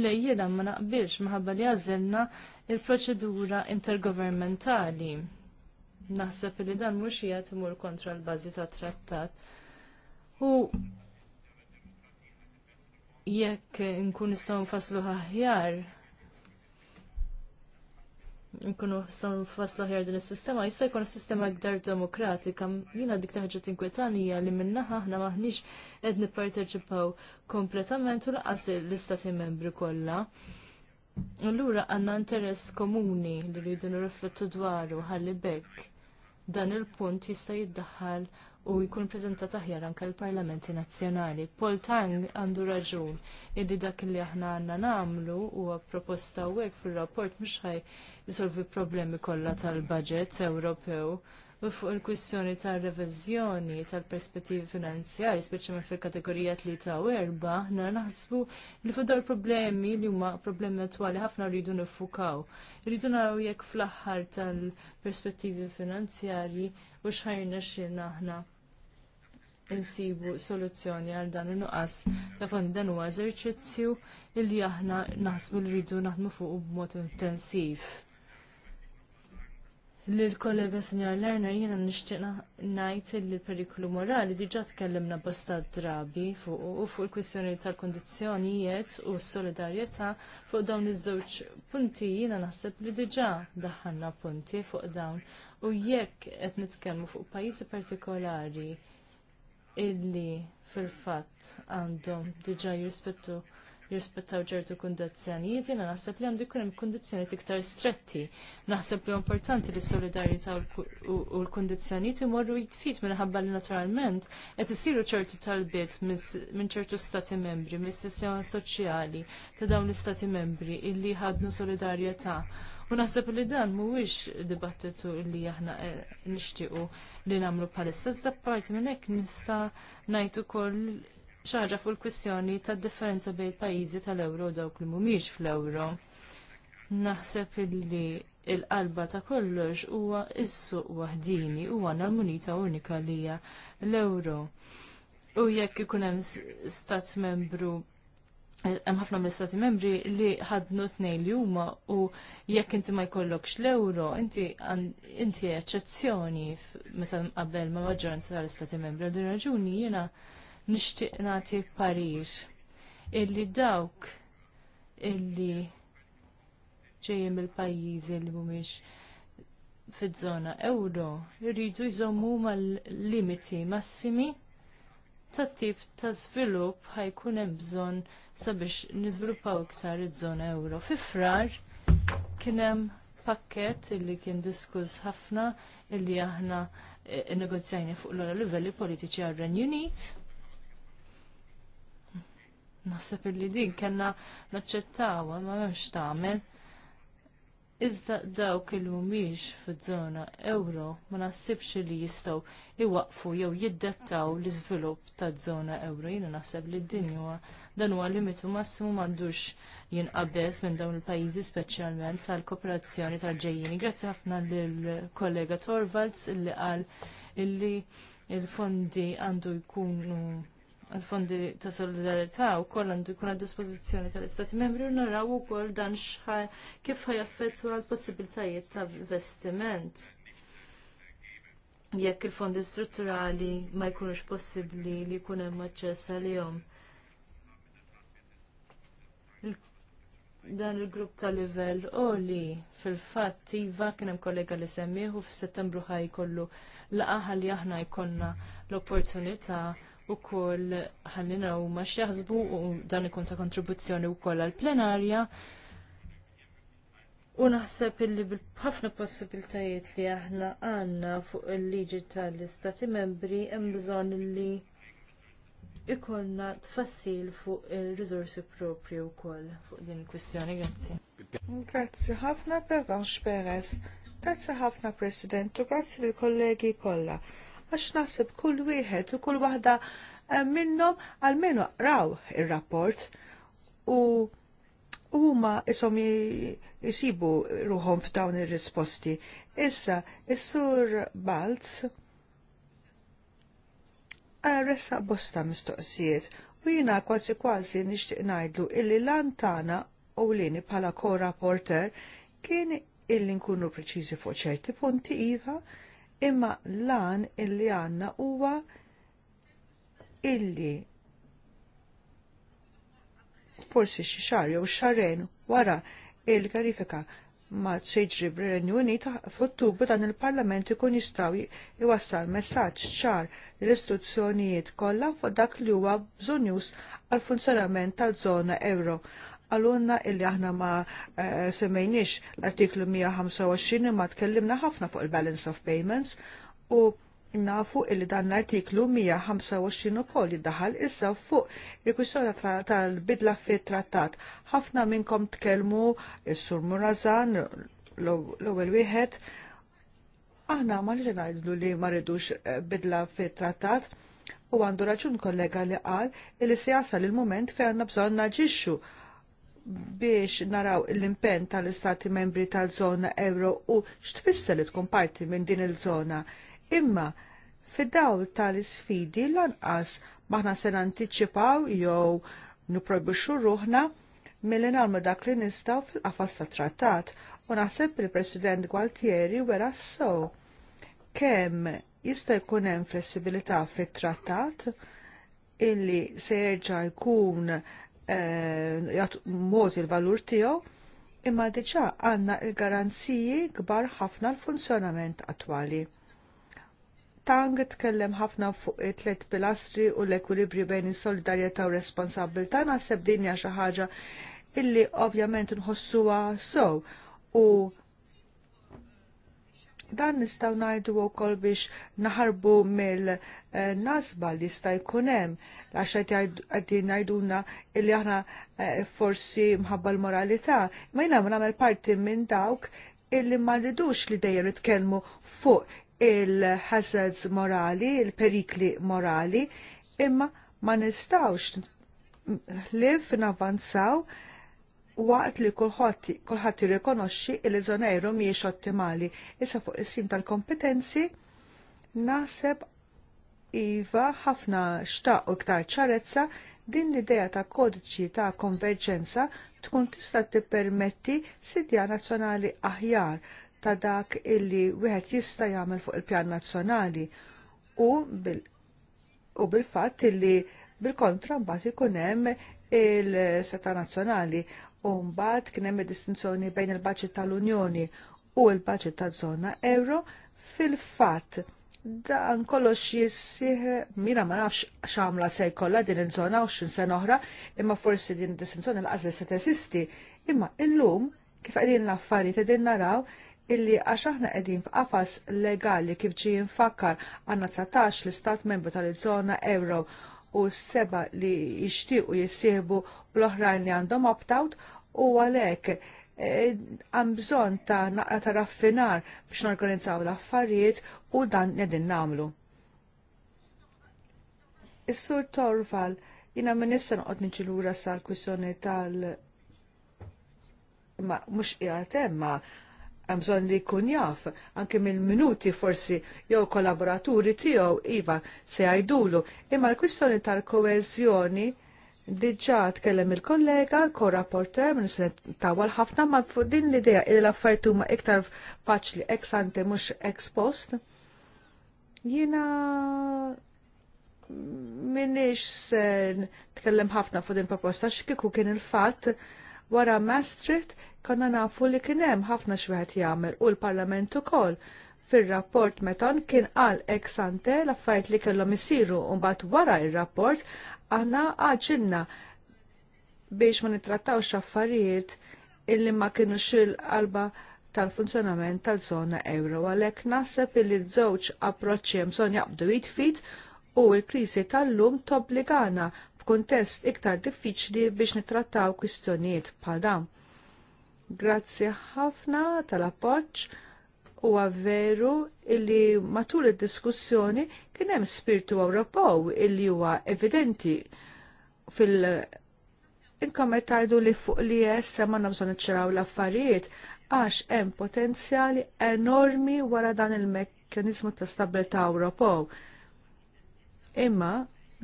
li jiena ma naqbilx minħabba li għażilna l proċedura intergovernmentali. Naħseb li dan mhux qiegħed imur kontra l-bażi tat trattat. U jekk nkun nistgħu aħjar nkunu ħsan faslu ħjar din is-sistema, jista' jkun sistema iktar demokratika. Jiena dik taħġa tinkwetani li minnaħa aħna maħniex qed nipparteċipaw kompletament u laqas l-istati membri kollha. Allura għandna interess komuni li rridu nirriflettu dwaru ħalli bekk dan il-punt jista' jiddaħħal u jkun prezenta aħjar anke l-Parlamenti Nazzjonali. Paul Tang għandu raġun illi dak li aħna għandna nagħmlu huwa proposta hekk fir-rapport mhux ħaj jisolvi problemi kollha tal-budget Ewropew u fuq il-kwissjoni tar reviżjoni tal-perspettivi finanzjarji, speċjalment fil-kategorija li ta' erba, na naħsbu li fuq dawn problemi li huma problemi attwali ħafna rridu nifukaw. Rridu naraw jekk fl-aħħar tal-perspettivi finanzjarji u xħajna xilna aħna insibu soluzzjoni għal dan il-nuqqas ta' fond dan huwa eżerċizzju li aħna naħsbu li rridu naħdmu fuq b'mod intensiv. Lill-kollega Sinjar Lerner jiena nixtieq ngħid li l-periklu morali diġa' tkellimna bosta drabi fuq u fuq il kwissjoni tal kondizjonijiet u s-solidarjetà fuq dawn iż-żewġ punti jiena naħseb li diġà daħħalna punti fuq dawn u jekk qed nitkellmu fuq pajjiżi partikolari illi fil-fatt għandhom diġà jirrispettu jirrispettaw ġertu kundizzjonijiet, jiena naħseb li għandu jkun hemm kundizzjonijiet iktar stretti. Naħseb li importanti li s-solidarjetà u l-kundizzjonijiet imorru jitfit minħabba li naturalment qed isiru ċertu talbiet minn ċertu stati membri, mis-sistema soċjali ta' dawn l-istati membri illi ħadnu solidarjetà. U naħseb li dan mhuwiex dibattitu li aħna eh, nixtiequ li nagħmlu bħalissa iżda parti minn hekk nista' ngħid ukoll ċaġa fuq il-kwistjoni ta' differenza bejn pajjiżi tal-euro dawk li mhumiex fl-euro. Naħseb illi il-qalba ta' kollox huwa is-suq waħdini u għandna l-munita unika li hija l-euro. U jekk ikun hemm stat membru hemm ħafna mill-istati membri li ħadnu tnejn li huma u jekk inti ma jkollokx l-euro, inti inti eċċezzjoni meta qabel ma' maġġoranza tal-istati membri. Għal din raġuni jiena nixtieq nagħti parir illi dawk illi ġejjem mill-pajjiżi li mhumiex fiż-żona ewro jridu jżommu mal-limiti massimi tat tip ta' żvilupp ħajkun hemm bżonn sabiex niżviluppaw iktar iż-żona ewro. Fi frar kien hemm pakkett illi kien diskuss ħafna illi aħna eh, negozjajni fuq l-ora livelli politiċi għar-Renju Unit Naħseb illi din kellna naċċettaw ma m'hemmx tagħmel. Iżda dawk il mhumiex fiż-żona ewro ma naħsibx li jistgħu iwaqfu jew jiddettaw l-iżvilupp taż-żona ewro. Jiena naħseb li din huwa dan huwa limitu massimu m'għandux jinqabeż minn dawn il-pajjiżi speċjalment tal-kooperazzjoni tal-ġejjini. Grazzi ħafna lill-kollega Torvalds illi qal illi il-fondi għandu jkunu l-fondi ta' solidarietà u koll għandu jkun għad tal-Istati membri u naraw ukoll dan xħaj kif ħajaffettwa l-possibiltajiet ta' investiment. Jekk il-fondi strutturali ma jkunux possibbli li jkun hemm aċċess għalihom. Dan il-grupp ta' livell oli fil-fatt iva kien hemm kollega li semmiħu f'Settembru ħaj kollu laqaħa li aħna jkollna l-opportunità u koll ħallina u ma xjaħsbu u dan ikun ta' kontribuzzjoni u koll għal-plenarja. U naħseb illi bil-ħafna possibiltajiet li aħna għanna fuq il-liġi tal-istati membri hemm bżonn li ikonna tfassil fuq il-rizorsi propri u koll fuq din il-kwistjoni. Grazzi. Grazzi ħafna Pervanx Perez. Grazzi ħafna President u grazzi lill kollegi kollha għax naħseb kull wieħed u kull waħda eh, minnhom għalmenu raw ir-rapport u huma isom jisibu ruhom f'dawn ir-risposti. Issa, is-sur Balz eh, ressa bosta mistoqsijiet u jina kważi kważi nixtieq ngħidlu illi lantana u lini bħala ko-rapporter kien illi nkunu preċiżi fuq ċerti punti iva, imma lan illi għandna huwa illi forsi xi xahar jew xarren wara il-karifika ma tsejġri b'Renju Unit f'Ottubru dan il-Parlament ikun jistgħu jwassal messaġġ ċar l-istruzzjonijiet kollha fuq dak li huwa bżonjus għal funzjonament tal-żona euro għalunna illi aħna ma eh, semmejniex l-artiklu 125 ma tkellimna ħafna fuq il-balance of payments u nafu illi dan l-artiklu 125 ukoll jiddaħal issa fuq il-kwistjoni tal-bidla fit-trattat. Ħafna minnkom tkellmu s sur Murazan l-ewwel wieħed aħna ma li ngħidu li ma rridux eh, bidla fit-trattat u għandu raġun kollega li qal li se jasal il-moment fejn bżonn naġixxu biex naraw l-impenn tal-istati membri tal-zona euro u x'tfisser li tkun parti minn din il-zona. Imma fid-dawl tal-isfidi lanqas maħna se nanticipaw jew niprobixxu ruħna milli nagħmlu dak li nistaw fil-qafas tat-trattat u naħseb li president Gualtieri wera sew kemm jista' jkun hemm flessibilità fit-trattat illi se jerġa' jkun Eh, mod il-valur tiegħu imma diġà għandna il-garanziji kbar ħafna l-funzjonament attwali. Tang tkellem ħafna fuq it-tlet pilastri u l-ekwilibri bejn is-solidarjetà u responsabilità naħseb dinja xi ħaġa illi ovvjament nħossuha so u Dan nistgħu ngħidu wkoll biex naħarbu mill-nasba li jista' jkun hemm għax qed ngħidulna illi aħna eh, forsi mħabba l-moralità, ma jiena nagħmel parti minn dawk illi ma rridux li dejjem itkelmu fuq il-hazards morali, il-perikli morali, imma ma nistawx liv navanzaw waqt li kulħadd kulħadd jirrikonoxxi li żona euro mhijiex ottimali. Issa fuq is-sim tal-kompetenzi naħseb iva ħafna xtaq u iktar ċarezza din l-idea ta' kodiċi ta' konverġenza tkun tista' tippermetti sidja nazzjonali aħjar ta' dak illi wieħed jista' jagħmel fuq il-pjan nazzjonali u bil u bil-fatt illi bil-kontra mbagħad ikun hemm il-seta nazzjonali u mbagħad kien hemm distinzjoni bejn il-baġit tal-Unjoni u l-baġit taż-żona euro fil-fatt dan kollox jissieħ mira ma nafx x'għamla se jkollha din iż-żona x'in sena oħra, imma forsi din distinzjoni l-qasli se teżisti. Imma illum kif qegħdin l-affarijiet qegħdin naraw illi għax aħna qegħdin f'qafas legali kif ġie nfakkar għandna 19 l-istat membru tal-żona euro u seba li jixtiequ jissieħbu l-oħrajn li għandhom opt-out u għalhekk e, għam bżonn ta' naqra ta' raffinar biex norganizzaw l-affarijiet u dan nedin namlu. Is-sur Torval, jina minnissan issa noqgħod niġi lura sal tal- ma mhux qiegħed ma' bżonn li jkun jaf, anke mill-minuti forsi jew kollaboraturi tiegħu iva se jgħidulu. Imma l-kwistjoni tal koezjoni diġa' tkellem il-kollega, l-korrapporter, minn se tawal ħafna ma din l-idea li l-affarijiet huma iktar faċli ex ante mhux ex post. Jiena minix se tkellem ħafna fuq din proposta xkiku kien il-fatt Wara Maastricht konna nafu li kien hemm ħafna wieħed jagħmel u l-Parlament ukoll fir-rapport meton kien qal ex ante l-affarijiet li kellhom isiru u mbagħad wara r rapport aħna għaġilna biex ma nittrattawx affarijiet illi ma kinux il-qalba tal-funzjonament tal-żona euro għalhekk naħseb illi żewġ approċċi hemm bżonn jaqbdu jitfit u l-kriżi tal-lum tobbligana f'kuntest iktar diffiċli biex nittrattaw kwistjonijiet bħal dawn. Grazzi ħafna tal-appoġġ huwa veru illi matul id-diskussjoni kien hemm spiritu Ewropew illi huwa evidenti fil- Inkom qed li fuq li jessa ma nabżon iċċaraw l-affarijiet għax hemm potenzjali enormi wara dan il-mekkaniżmu ta' stabilità Ewropew. Imma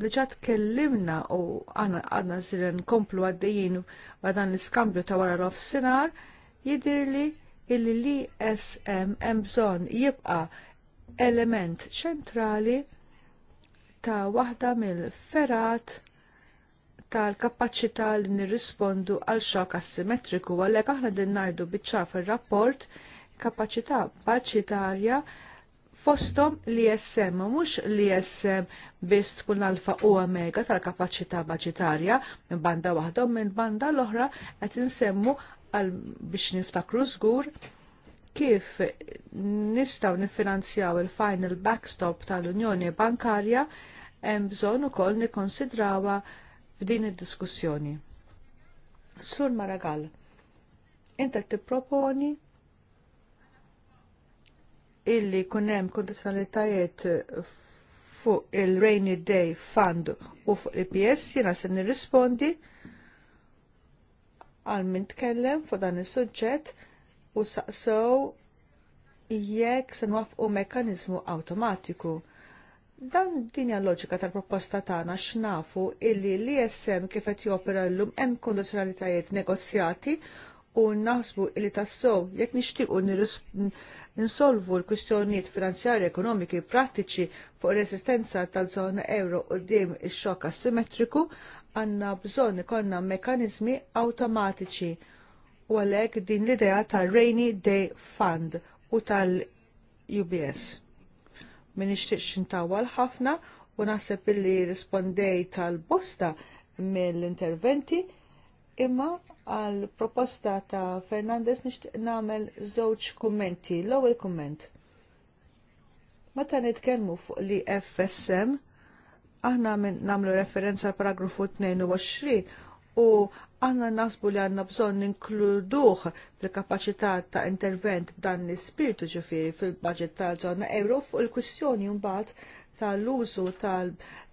Diġa tkellimna u għadna s-sirin nkomplu għaddejjien ma dan l-iskambju ta' wara l sinar jidirli illi li SM hemm bżonn jibqa' element ċentrali ta' waħda mill-ferat tal-kapaċità li nirrispondu għal xokk asimetriku għalhekk aħna din ngħidu biċ-ċar fir-rapport kapaċità baċitarja fostom li jessem, mux li jessem biss tkun alfa u omega tal-kapacità budgetarja minn banda waħdom u minn banda l-oħra qed insemmu biex niftakru żgur kif nistaw nifinanzjaw il-final backstop tal-Unjoni Bankarja hemm bżonn ukoll nikkonsidrawha f'din id-diskussjoni. Sur Maragall, inta tipproponi illi kunem kondizjonalitajiet fuq il-Rainy Day Fund u fuq il-PS jena se nirrispondi għal min tkellem fuq dan is-suġġett u saqsow jekk se nwafqu mekkaniżmu awtomatiku. Dan din hija loġika tal-proposta tagħna x'nafu illi l-ISM kif qed jopera llum hemm kondizzjonalitajiet negozjati u naħsbu illi tassow jekk nixtiequ insolvu l-kwistjonijiet finanzjarji ekonomiki prattiċi fuq resistenza tal-żona euro quddiem ix-xokk asimetriku għandna bżonn ikollna mekkaniżmi awtomatiċi u għalhekk din l-idea ta' Rainy Day Fund u tal-UBS. Min ixtieqx intawal ħafna u naħseb illi rispondej tal-bosta mill-interventi imma għal proposta ta' Fernandez nixtieq nagħmel żewġ kummenti. L-ewwel kumment. Meta nitkellmu fuq li FSM aħna nagħmlu referenza għal paragrafu 22 u aħna nasbu li għandna bżonn ninkluduh fil-kapaċità ta' intervent b'dan l-ispirtu ġifieri fil-budget tal-żona euro fuq il-kwistjoni mbagħad tal-użu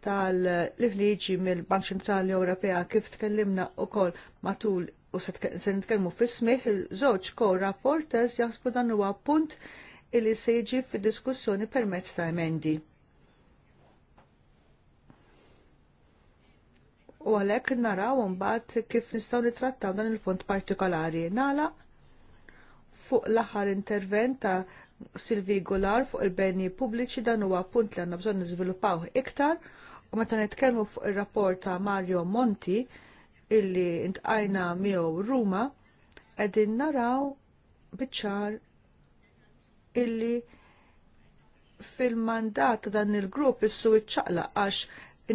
tal-liħliġi mill-Bank Ċentrali Ewropea kif tkellimna wkoll matul u se nitkellmu fis-smih il-żewġ co-rapporters jaħsbu dan huwa punt illi se jiġi fid-diskussjoni permezz ta' emendi. U għalhekk naraw mbagħad kif nistgħu nittrattaw dan il-punt partikolari. Nala fuq l-aħħar intervent ta' Silvi Gular fuq il-beni pubbliċi dan huwa punt li għandna bżonn niżviluppaw iktar u meta nitkellmu fuq ir-rapport ta' Mario Monti illi intqajna miegħu Ruma qegħdin naraw biċċar illi fil-mandat ta' dan il-grupp issu iċċaqla għax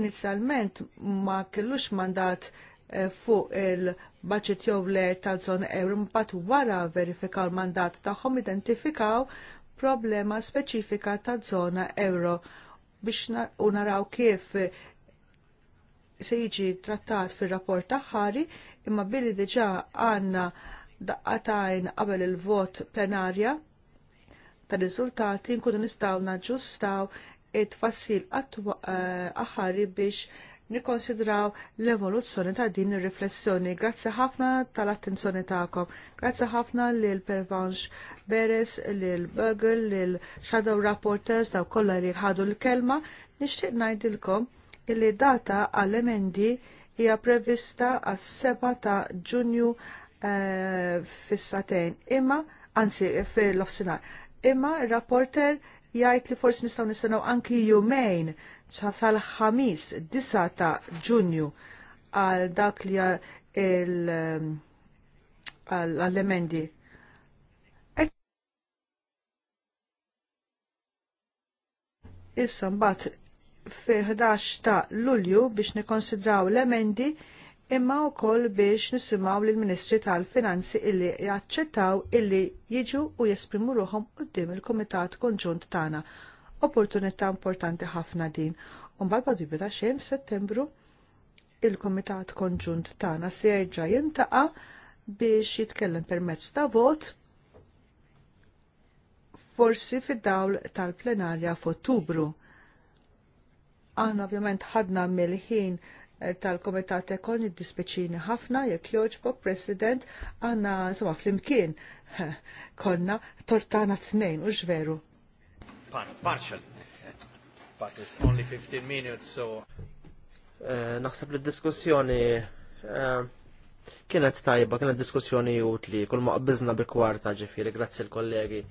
inizjalment ma kellux mandat eh, fuq il-budget jew le tal-żona euro mbagħad wara verifikaw l-mandat tagħhom identifikaw problema speċifika taż żona euro biex naraw kif se jiġi trattat fir-rapport taħħari imma billi diġà għandna daqqatajn qabel il-vot plenarja ta' riżultati nkunu nistgħu naġġustaw it-tfassil aħħari eh, biex nikkonsidraw l-evoluzzjoni ta' din ir-riflessjoni. Grazzi ħafna tal-attenzjoni tagħkom. Grazzi ħafna lil Pervanx Beres, lil Bugel, lil Shadow Rapporters daw kollha li ħadu l-kelma. Nixtieq ngħidilkom illi data għall-emendi hija prevista għas 7 ta' ġunju uh, eh, fis Imma, anzi, fil-ofsinar. Imma, rapporter jgħid li forsi nistgħu nistennew anki jumejn tal-ħamis 9 ta' Ġunju għal dak li l eh, emendi Issa mbagħad fi 11 ta' Lulju biex nikonsidraw l-emendi imma wkoll biex nisimgħu lill ministri tal-Finanzi illi jaċċettaw illi jiġu u jesprimu ruħhom quddiem il-Kumitat Konġunt tagħna. Opportunità importanti ħafna din. Umbagħad badu jibda xejn f'Settembru il-Kumitat Konġunt tagħna se jerġa' jintaqa' biex jitkellem permezz ta' vot forsi fid-dawl tal-plenarja f'Ottubru Għana ovvjament ħadna mill-ħin eh, tal-Komitat Ekon id-dispeċini ħafna jekk joġbok President għana, insomma flimkien konna tortana tnejn u ġveru. Partial. But it's only 15 minutes, so... Eh, naħseb li diskussjoni eh, kienet tajba, kienet diskussjoni utli, kull maqbizna bi kwarta ġifiri, grazzi l-kollegi.